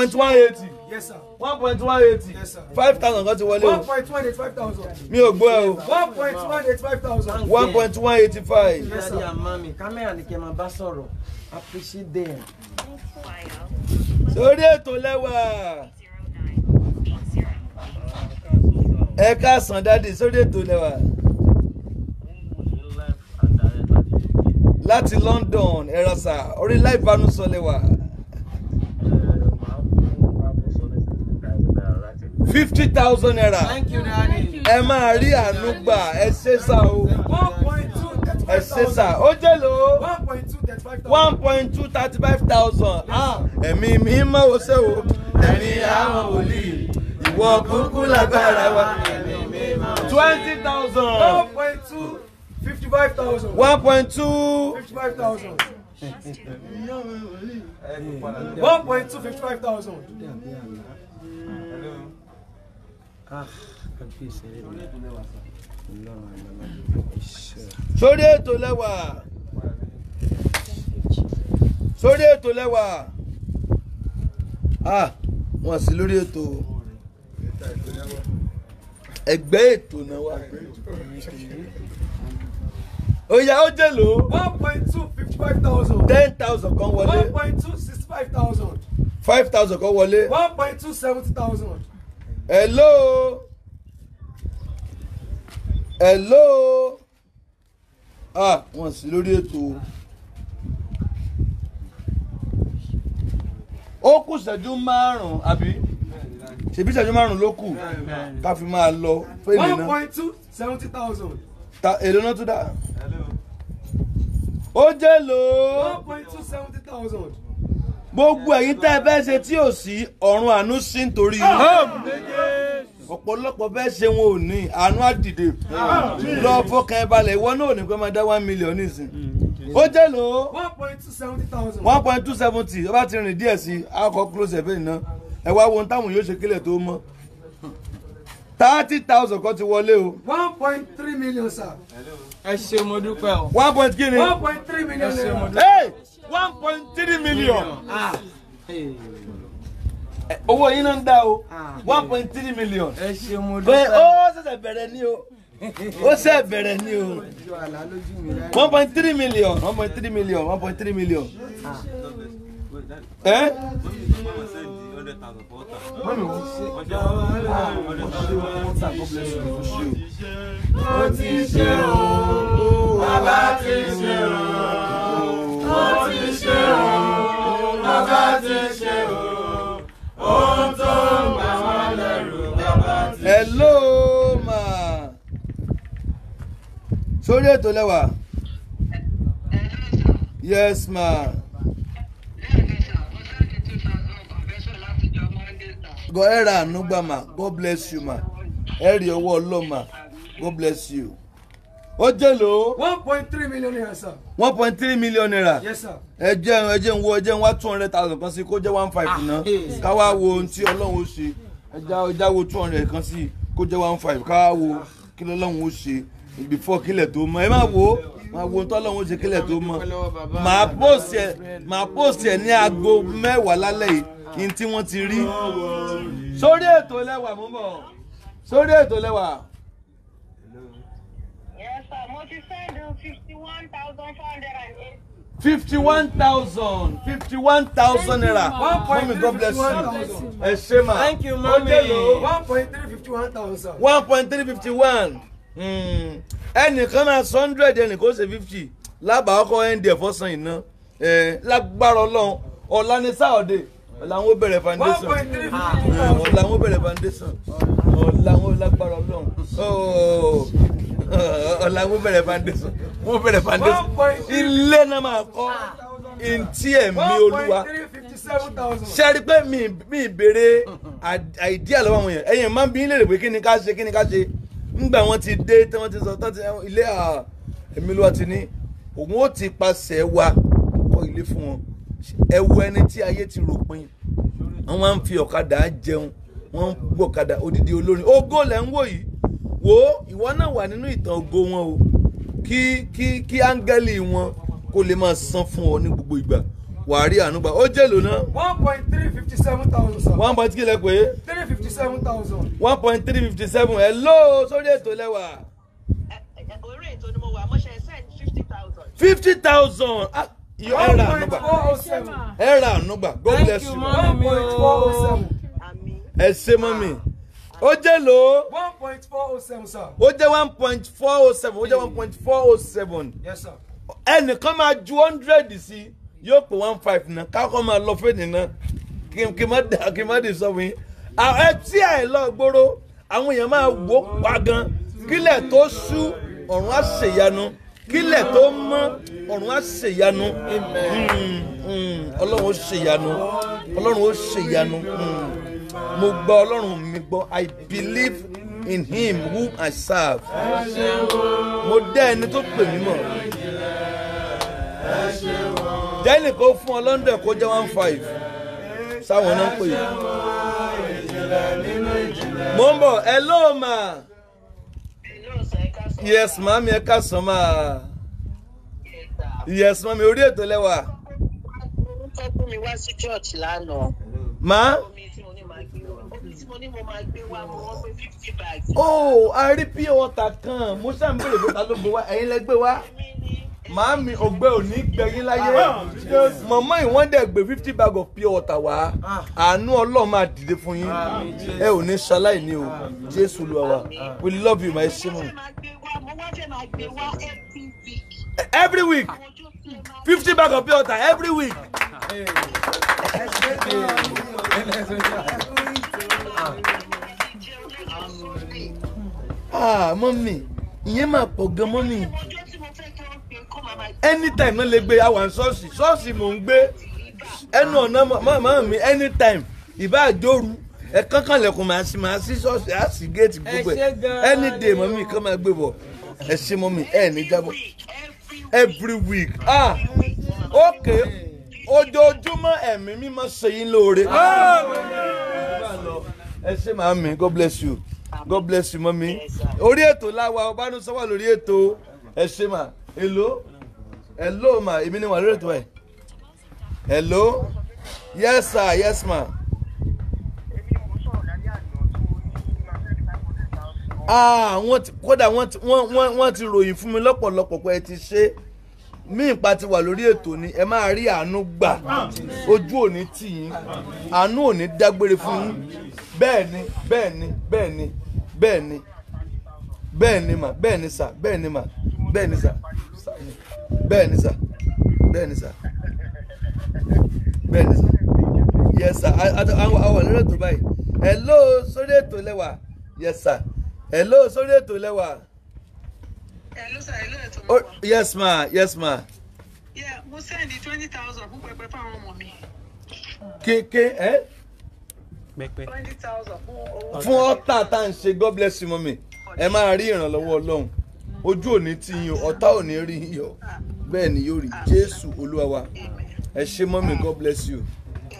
point one eighty thousand yes sir one point one eighty five thousand kan ti wọlé o one point one eighty five thousand mi ò gbọ́ ẹ o one point one eighty five thousand one point one eighty five yes sir. ìyá mami kámẹ́rà ni kẹ́ bá sọ̀rọ̀ appreciate them. sórí ètò lẹ́wà ẹ káàsán dáàdì sórí ètò lẹ́wà. láti London ẹ̀rọ sà orí láì bánú sọ lẹ́wà. fifty thousand naira ẹ máa rí àánú gbà ẹ ṣe sá o ẹ ṣe sá ó jẹ́ lò one point two thirty five thousand ah, ẹ̀mí mi mọ́ o ṣe o ẹ̀mí àwọn wòlíì ìwọ kúkú lágbára wa twenty thousand one point two fifty five thousand one point two fifty five thousand one point two fifty five thousand sórí ètò lẹ́wà sórí ètò lẹ́wà ah wọ́n sì lórí ètò ẹgbẹ́ ètò náà wà oya ó jèlò. one point two fifty five thousand. ten thousand kan wọlé. one point two sixty five thousand. five thousand kan wọlé. one point two seventy thousand hello hello ah wọn sì lórí ètò ó kù ṣẹ́jú márùn-ún àbí ṣèbí ṣẹ́jú márùn-ún ló kù ká fi máa lọ fèlè náà one point two seventy thousand. ta èlò náà tún dà. ó jẹ́ lò one point two seventy thousand gbogbo ẹ̀yin tẹ́ ẹ ṣe tí ò sí ọ̀run àánú sí nítorí ọ̀pọ̀lọpọ̀ fẹ́ ṣe wọn ò ní àánú àdìde lọ fọkàn ẹ balẹ̀ ìwọ náà ò ní pẹ́ máa dá one million nísìn ó jẹ́ lò ó one point two seventy thousand one point two seventy ó bá ti rìn díẹ̀ sí i a kọ́ close ẹ̀fẹ́ ìná ẹ wá wo ohun táwọn yóò ṣe kílẹ̀ tó mọ́ thirty thousand kan ti wọlé o. one point three million sir. ẹ ṣe mo dúpẹ́ o. one point kí ni. one point three million naira. ẹ ṣe mo dúpẹ́ o one point three million ah. eh, owó yín náà ń dá o ah. one point three million pé ó ṣẹ̀ṣẹ̀ bẹ̀rẹ̀ ní o ó ṣẹ̀ bẹ̀rẹ̀ ní o one point three million one point three million one point three million. ẹ. Eh? ó ti ṣe o bàbá ti ṣe o. Hello, ma. ṣe o bàbá ti ṣe o ohun tó ń bà ma sórí ètò lẹ́wà God, bless you, ma. Ẹ rí owó ma. God bless you ó jẹ́ lò ó. one point three million naira sir. one point three million naira. yes sir. ẹ jẹ́ ń wo ẹ jẹ́ wá two hundred thousand kan sí kó jẹ́ one five ná ah, ká wá wo ohun tí ọlọ́run ó ṣe ẹ já wo two hundred kan sí kó jẹ́ one five ká wá wo kí lọ́lọ́run ó ṣe before kílẹ̀ tó mọ ẹ má wo máa wo tọ́lọ́run ó ṣe kílẹ̀ tó mọ màá post ẹ màá post ẹ ní aago mẹ́wàá lálẹ́ yìí kí n tí wọ́n ti rí sórí ètò lẹ́wà mú bọ̀ sórí ètò lẹ́wà fifty-one thousand fifty-one thousand naira mọ́mí god bless you ẹ ṣé ma thank you mọ́mí one point three fifty-one thousand one point three fifty-one hmm. ẹnìkan máa sọ hundred ẹnìkan ṣe fifty lábàá ọkọ ndf ọsàn iná lágbára Ọlọ́run ọ̀la ni sáọ̀dẹ̀ ọ̀la wọn bẹ̀rẹ̀ foundation ọ̀la wọn bẹ̀rẹ̀ foundation ọ̀la wọn lágbára Ọlọ́run. Oh ọ̀la wọ́n bẹ̀rẹ̀ foundation wọ́n bẹ̀rẹ̀ foundation ilé náà máa kọ́ ntí ẹ̀mí olúwa ṣẹ́rí pé mi ìbèrè àìdíà lọ́wọ́ àwọn èèyàn ẹ̀yìn máa ń bí ilé rẹ̀ pé kí ni ká ṣe kí ni ká ṣe ńgbà wọ́n ti dé tí wọ́n ti sọ tán ti ilé ẹ̀mí olúwa ti ní òun ó ti paṣẹ wa kọ́ ilé fún wọn ẹ wo ẹni tí ayé ti rò pin wọ́n máa ń fi ọ̀kadà jẹun wọ́n ń gbọ́kadà odidi olórin ogó lẹ́ ń wò yìí wo ìwọ náà wà nínú ìtàn ògo wọn o kí kí kí áńgẹ́lì wọn kó lè máa san fún ọ ní gbogbo ìgbà wàá rí ó jèlò náà. one point three fifty seven thousand. one point kí pé. three fifty seven thousand. one point three fifty seven hello sórí ètò lẹ́wà. orí ètò ni mo wà mo ṣe send fifty thousand. fifty ah, thousand yọ ẹ̀rà ànúgbà ẹ̀rà ànúgbà God bless you. one point four oh seven. ẹ oh ṣé ó jẹ́ lò. one point four oh seven sir. ó jẹ́ one point four oh seven ó jẹ́ hmm. one point four oh seven. yes sir. ẹnìkan máa ju hundred sí yóò pè one five náà káàkó máa lọ fèdè náà kí n má dà kí n má dì sọ fún yín. ẹ tí ẹ lọ gbòòrò àwọn èèyàn máa wò pa gan kílẹ̀ tó ṣú ọ̀run á kílẹ̀ tó mọ́ ọ̀run á hmm, hmm. ọlọ́run ó ṣèyanu ọlọ́run ó ṣèyanu mo gba ọlọ́run mi gbọ́ i believe in him whom i serve mo dá ẹni tó pè mí mọ̀ jẹ́ni kó fún ọ london kó jẹ́ one five sáwọn náà ń pè é mo ń bọ̀ ẹ ló mà yes màámi ẹ ká sàn máa yes màámi orí ètò lẹ́wà. orúkọ fún mi wá sí church lánàá ní mo máa gbé wá mo wọ́n pé fifty bags. ó oh, a rí pure water kan mo ṣáà ń bèrè pé ta ló gbé wá ẹ̀yin lẹ gbé wá màámi ọgbẹ́ òní gbẹ̀yìn láyé ah, mọ̀mọ́ ìwọ́n dẹ̀ gbé fifty bag of pure water wá ah. àánú ọlọ́run máa dìde fún yín ẹ ò ní ṣaláì ní o jésù olúwa wa we love you my simon. every week fifty bag of pure water every week ah mọ́mì ìyẹn máa pọ̀ gan mọ́mì. anytime náà lè gbé àwọn ṣọ́ọ̀ṣì ṣọ́ọ̀ṣì mò ń gbé ẹnu ọ̀nà màmá mi anytime ìbá àjòrú ẹ kankan lẹ̀kùn màá sí màá sí ṣọ́ọ̀ṣì á sì géètì gbogbo ẹ̀ any day mọ́mì kan máa gbé bọ̀ ẹ ṣe mọ́mì ẹ ní jábọ̀ every week ah okay ojoojúmọ́ ẹ̀mí mímọ́ ṣe yín lóore. ẹ ṣé màámi god bless you god bless you mọ́mí orí ètò láwa ọba ní sọ́wọ́ lórí ètò ẹ ṣé mà èlò èlò mà èmi ni wà lórí ètò ẹ̀ èlò yes sir yes ma. ah wọ́n ti kódà wọ́n ti ròyìn fún mi lọ́pọ̀lọpọ̀ pé ẹ ti ṣe míì pa ti wà lórí ètò ni ẹ máa rí àánú gbà ojú òní tì yín àánú òní dágbére fún yín bẹ́ẹ̀ ni bẹ́ẹ̀ ni bẹ́ẹ̀ ni bẹ́ẹ̀ ni bẹ́ẹ̀ ni mà bẹ́ẹ̀ ni sà bẹ́ẹ̀ ni mà bẹ́ẹ̀ ni sà bẹ́ẹ̀ ni sà bẹ́ẹ̀ ni sà bẹ́ẹ̀ ni sà yes sir àwọn àwọn lórí ètò báyìí hello sórí ètò lẹ́wà yes sir hello sórí ètò lẹ́wà. Hello, sir. Hello, oh, yes, ma. Yes, ma. Yeah, mo send the twenty thousand prepare for mommy? ọmọ mi. Kéèké ẹ́. Pẹpẹ. Twenty thousand fún owó. Fún ọ̀tá God bless you mọ́mi. Ẹ máa rí ìrànlọ́wọ́ Ọlọ́run. Ojú ò ti yín o, ọ̀tá ò ní rí yín o. Bẹ́ẹ̀ ni yóò rí ah. Jésù Olúwa Ẹ ṣé mọ́mi God bless you.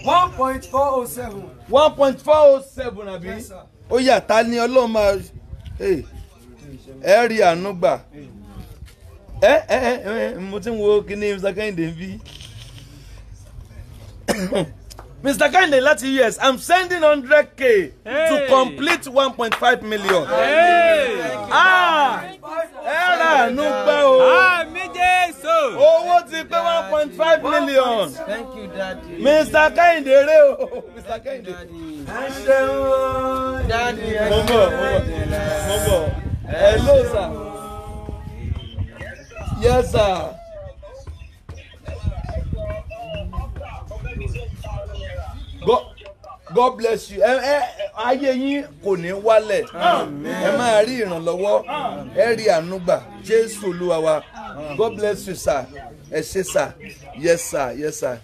one point four oh seven. one point four oh seven àbí? Ó yà tá ni Ọlọ́run máa ẹ rí àánú gbà ẹ ẹ ẹ mo ti ń wo kíní Mr. Kehinde ń bí. Mr. Kehinde láti US I'm sending hundred k hey. to complete one point five million. Ah, ẹ rà àánú gbà o. àmì ah, Jésù. owó ti pé one point five million. Thank you, Daddy. Mr. Kehinde rè o. Mr. Kehinde. mo bọ̀ mo bọ̀ mo bọ̀. Eh, hello sir yes sir. God, God bless you. Eh, eh, ayé yín kò ní wálẹ̀ ẹ máa rí ìrànlọ́wọ́ ẹ rí ànúgbà Jésù Olúwa wa God bless you sir ẹ ṣé sir yes sir yes sir.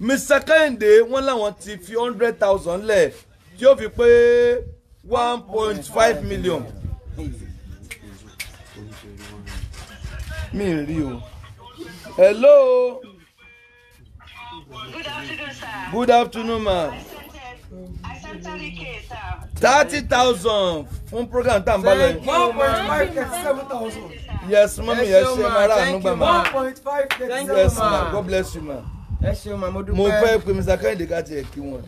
Mr. Kẹ́hìndé wọ́n láwọn ti fi hundred thousand lẹ̀ tí ó fi pé one point five million mi ì rí o. hello. good afternoon sir. good afternoon ma. I sent thirty thousand fún program tá n bá lọ. one point five thirty seven thousand. yes mami ẹ ṣe mara ànúgbà ma. one point five thirty ma. yes ma God bless you ma. ẹ ṣeun ma mo dúpẹ́. mo fẹ́ pe Mr. Kẹ́hìndé ká tiẹ̀ kí wọn.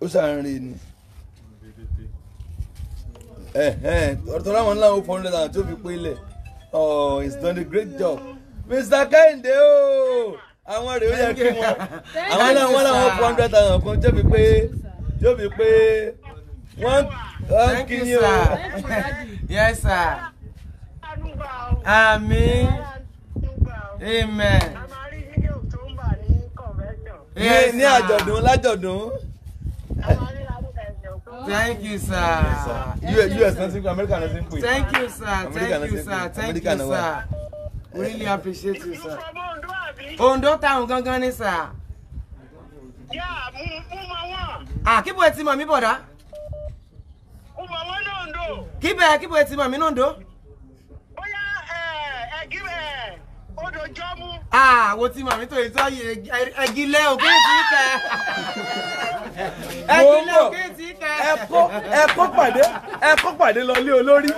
ó ṣàárín ni ọ̀tọ̀ láwọn ńláwọ̀ four hundred and two fi pé ilẹ̀ oh he's done a great job Mr. Kehinde o oh, àwọn rèé ó yẹ kí wọn àwọn náà wọn làwọn four hundred thousand kan jẹ́bi pé jẹ́bi pé wọ́n kí ni o. yes sir àmín amen. ní àjọ̀dún lájọ̀dún. Thank you, sir. Yes, you, US, US nothing, America nothing for you. Thank you, sir. Thank you, sir. Thank you, sir. We really appreciate you, sir. Ondo town gangan ni, sir. Yeah, mo mo won. Ah, kíbo ẹ ti mọ̀ mí bọ̀dá? Mo mọ̀ wọ́n ní Ondo. Kíbẹ̀ kíbo ẹ ti mọ̀ mí ní Ondo? odò jọ́mú. àwọn tí màmí tó yìí tó ẹgilẹ òkè tí kẹ. ẹgilẹ òkè tí kẹ. ẹkọ ẹkọ pàdé ẹkọ pàdé lọlé olórí.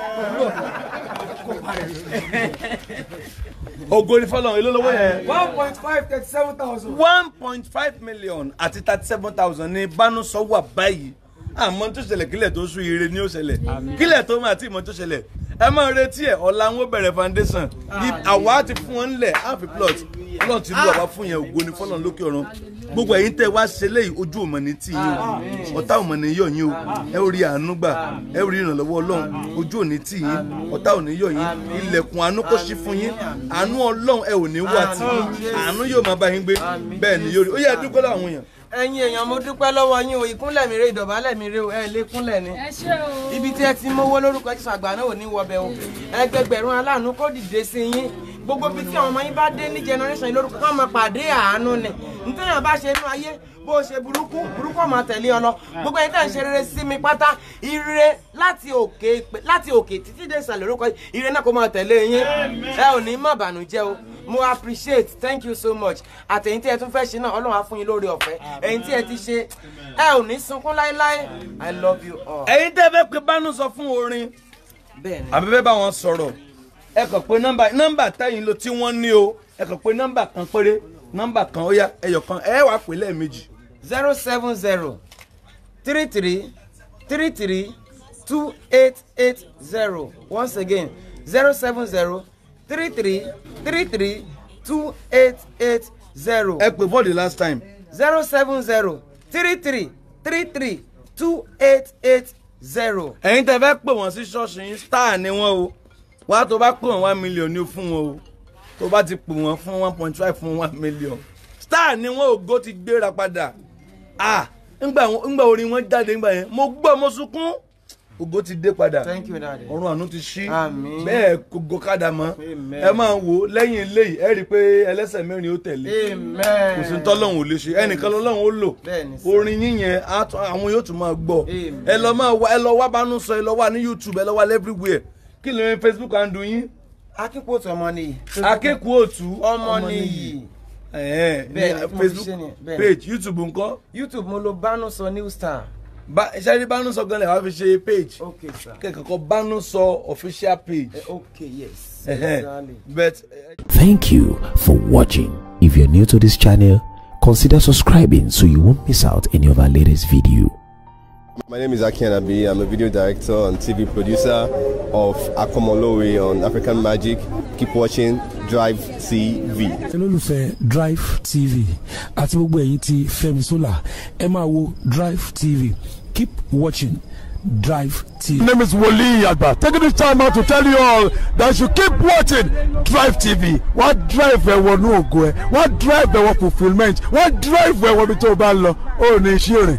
Ògo ni fọlọ́run ilé lówó yẹn. one point five thirty seven thousand. one point five million àti thirty seven thousand ni Bánú sọ wà báyìí àmọ́ tó ṣẹlẹ̀ kílẹ̀ tó sún ire ni ó ṣẹlẹ̀ kílẹ̀ tó máa tí ìmọ̀ tó ṣẹlẹ̀ ẹ máa retí ẹ̀ ọ̀la ń wó bẹ̀rẹ̀ foundation àwa ti fún wọn nílẹ̀ àfi plot ọlọ́run ti lu àwa fún yẹn ògo ni fọlọ́run lókè ọ̀run gbogbo ẹ̀yin tẹ́ wá ṣe léyìí ojú ọmọ ní tì yín o ọ̀tá ọmọ ní yọ̀ yín o ẹ ò rí àánú gbà ẹ ò rí ìrànlọ́wọ́ ọlọ́run ojú ò ní tì yín ọ̀tá ò ní yọ̀ yín ilẹ̀kùn àánú kó ṣí fún yín àánú ọlọ́run ẹ ò ní wà tì yín àánú yóò máa bá yín gbé bẹ́ẹ̀ ni yóò rí ó yẹ dúpẹ́ láwọn èèyàn ẹ̀yin èèyàn mo dúpẹ́ lọ́wọ́ yín o ìkúnlẹ̀ mi re ìdọ̀bálẹ̀ mi re o ẹ lè ni ibi tí ẹ ti mówó lórúkọ Jésù àgbà náà ò ní wọbẹ̀ o ẹgbẹgbẹ̀rún aláàánú kó dìde sí yín gbogbo ibi tí àwọn ọmọ yín bá dé ní generation yìí lórúkọ wọn máa pàdé àánú ni nítorí àwọn bá ṣe inú ayé bó ṣe burúkú burúkú ọmọ tẹ̀lé ọ gbogbo ẹni tẹ̀ ń ṣe rere sí mi pátá ire láti òkè láti òkè títí dé ìsàlẹ̀ orúkọ ire náà kó máa tẹ̀lé yín ẹ ò ní má bànújẹ́ o mo appreciate thank you so much àtẹ̀yìn tí ẹ tún fẹ́ ṣe náà ọlọ́run á fún yín lórí ọ̀fẹ́ ẹ̀yìn tí ẹ ti ṣe ẹ ò ní sunkún láéláé i love you all. ẹ̀yin tẹ́ fẹ́ pe bánú sọ fún orin àbí bá wọn sọ̀rọ̀ ẹ kàn pé nọ́mbà nọ́mbà táyìn lo tí wọ́n ní o ẹ kàn pé nọ́mbà kan péré nọ́mbà kan ó yá ẹyọ kan ẹ wàá pè lẹ́ẹ̀mejì. zero seven zero three three three three two eight eight zero once again zero seven zero three three three three two eight eight zero. ẹ pè for the last time. zero seven zero three three three three two eight eight zero. ẹ̀yin tẹ́ fẹ́ pè wọ́n sí ṣọ́ọ̀ṣì yín star ni wọ́n o wá tó bá pè wọ́n one million ní fún wọn o tó bá ti pè wọ́n fún one point five fún one million star ni wọn ògo ti gbéra padà ah ngbà ngbà orin wọn jáde ngbà yẹn mo gbọ́ mo sunkún ògo ti dé padà ọ̀run àánú ti ṣí bẹ́ẹ̀ kò gòkadà mọ́ ẹ máa wò ó eléyìí ẹ rí i pé ẹlẹ́sẹ̀ mẹ́rin ó tẹ̀lé kò sí tọ́lọ́hún ò lè ṣe ẹnìkan lọ́lọ́hún ó lò orin yíyẹn àwọn yóò tún máa gbọ́ ẹ lọ wá bánú sọ ẹ lọ wá ní YouTube ẹ lọ wá everywhere kí lóyún facebook à ń yín. akíkòtù ọmọ nìyí. akíkòtù ọmọ nìyí. bẹ́ẹ̀ facebook page youtube ńkọ́. youtube mo lo Banuso Newstar. ba iṣẹ́ ní Banuso gan-an lè fi ṣe page. ok sir. kẹ́kọ̀ọ́ Banuso official page. Eh, ok yes. but. Eh, thank you for watching if you're new to this channel consider subscribing so you won't miss out any of our latest videos. My name is Aki Anabi. I'm a video director and TV producer of Akomolowe on African Magic. Keep watching Drive TV. olólùfẹ́ Drive TV Ati gbogbo ẹ̀yin yiti femi Sola ẹ wo Drive TV. Keep watching Drive TV. My name is Wole Agba. Taking this time out to tell you all that you keep watching Drive TV. What drive ẹ̀wọ̀n ní ògo ẹ̀, wọ́n drive ẹ̀wọ̀n fulfillment? What drive ẹ̀wọ̀n bí tó o bá lọ, ó ní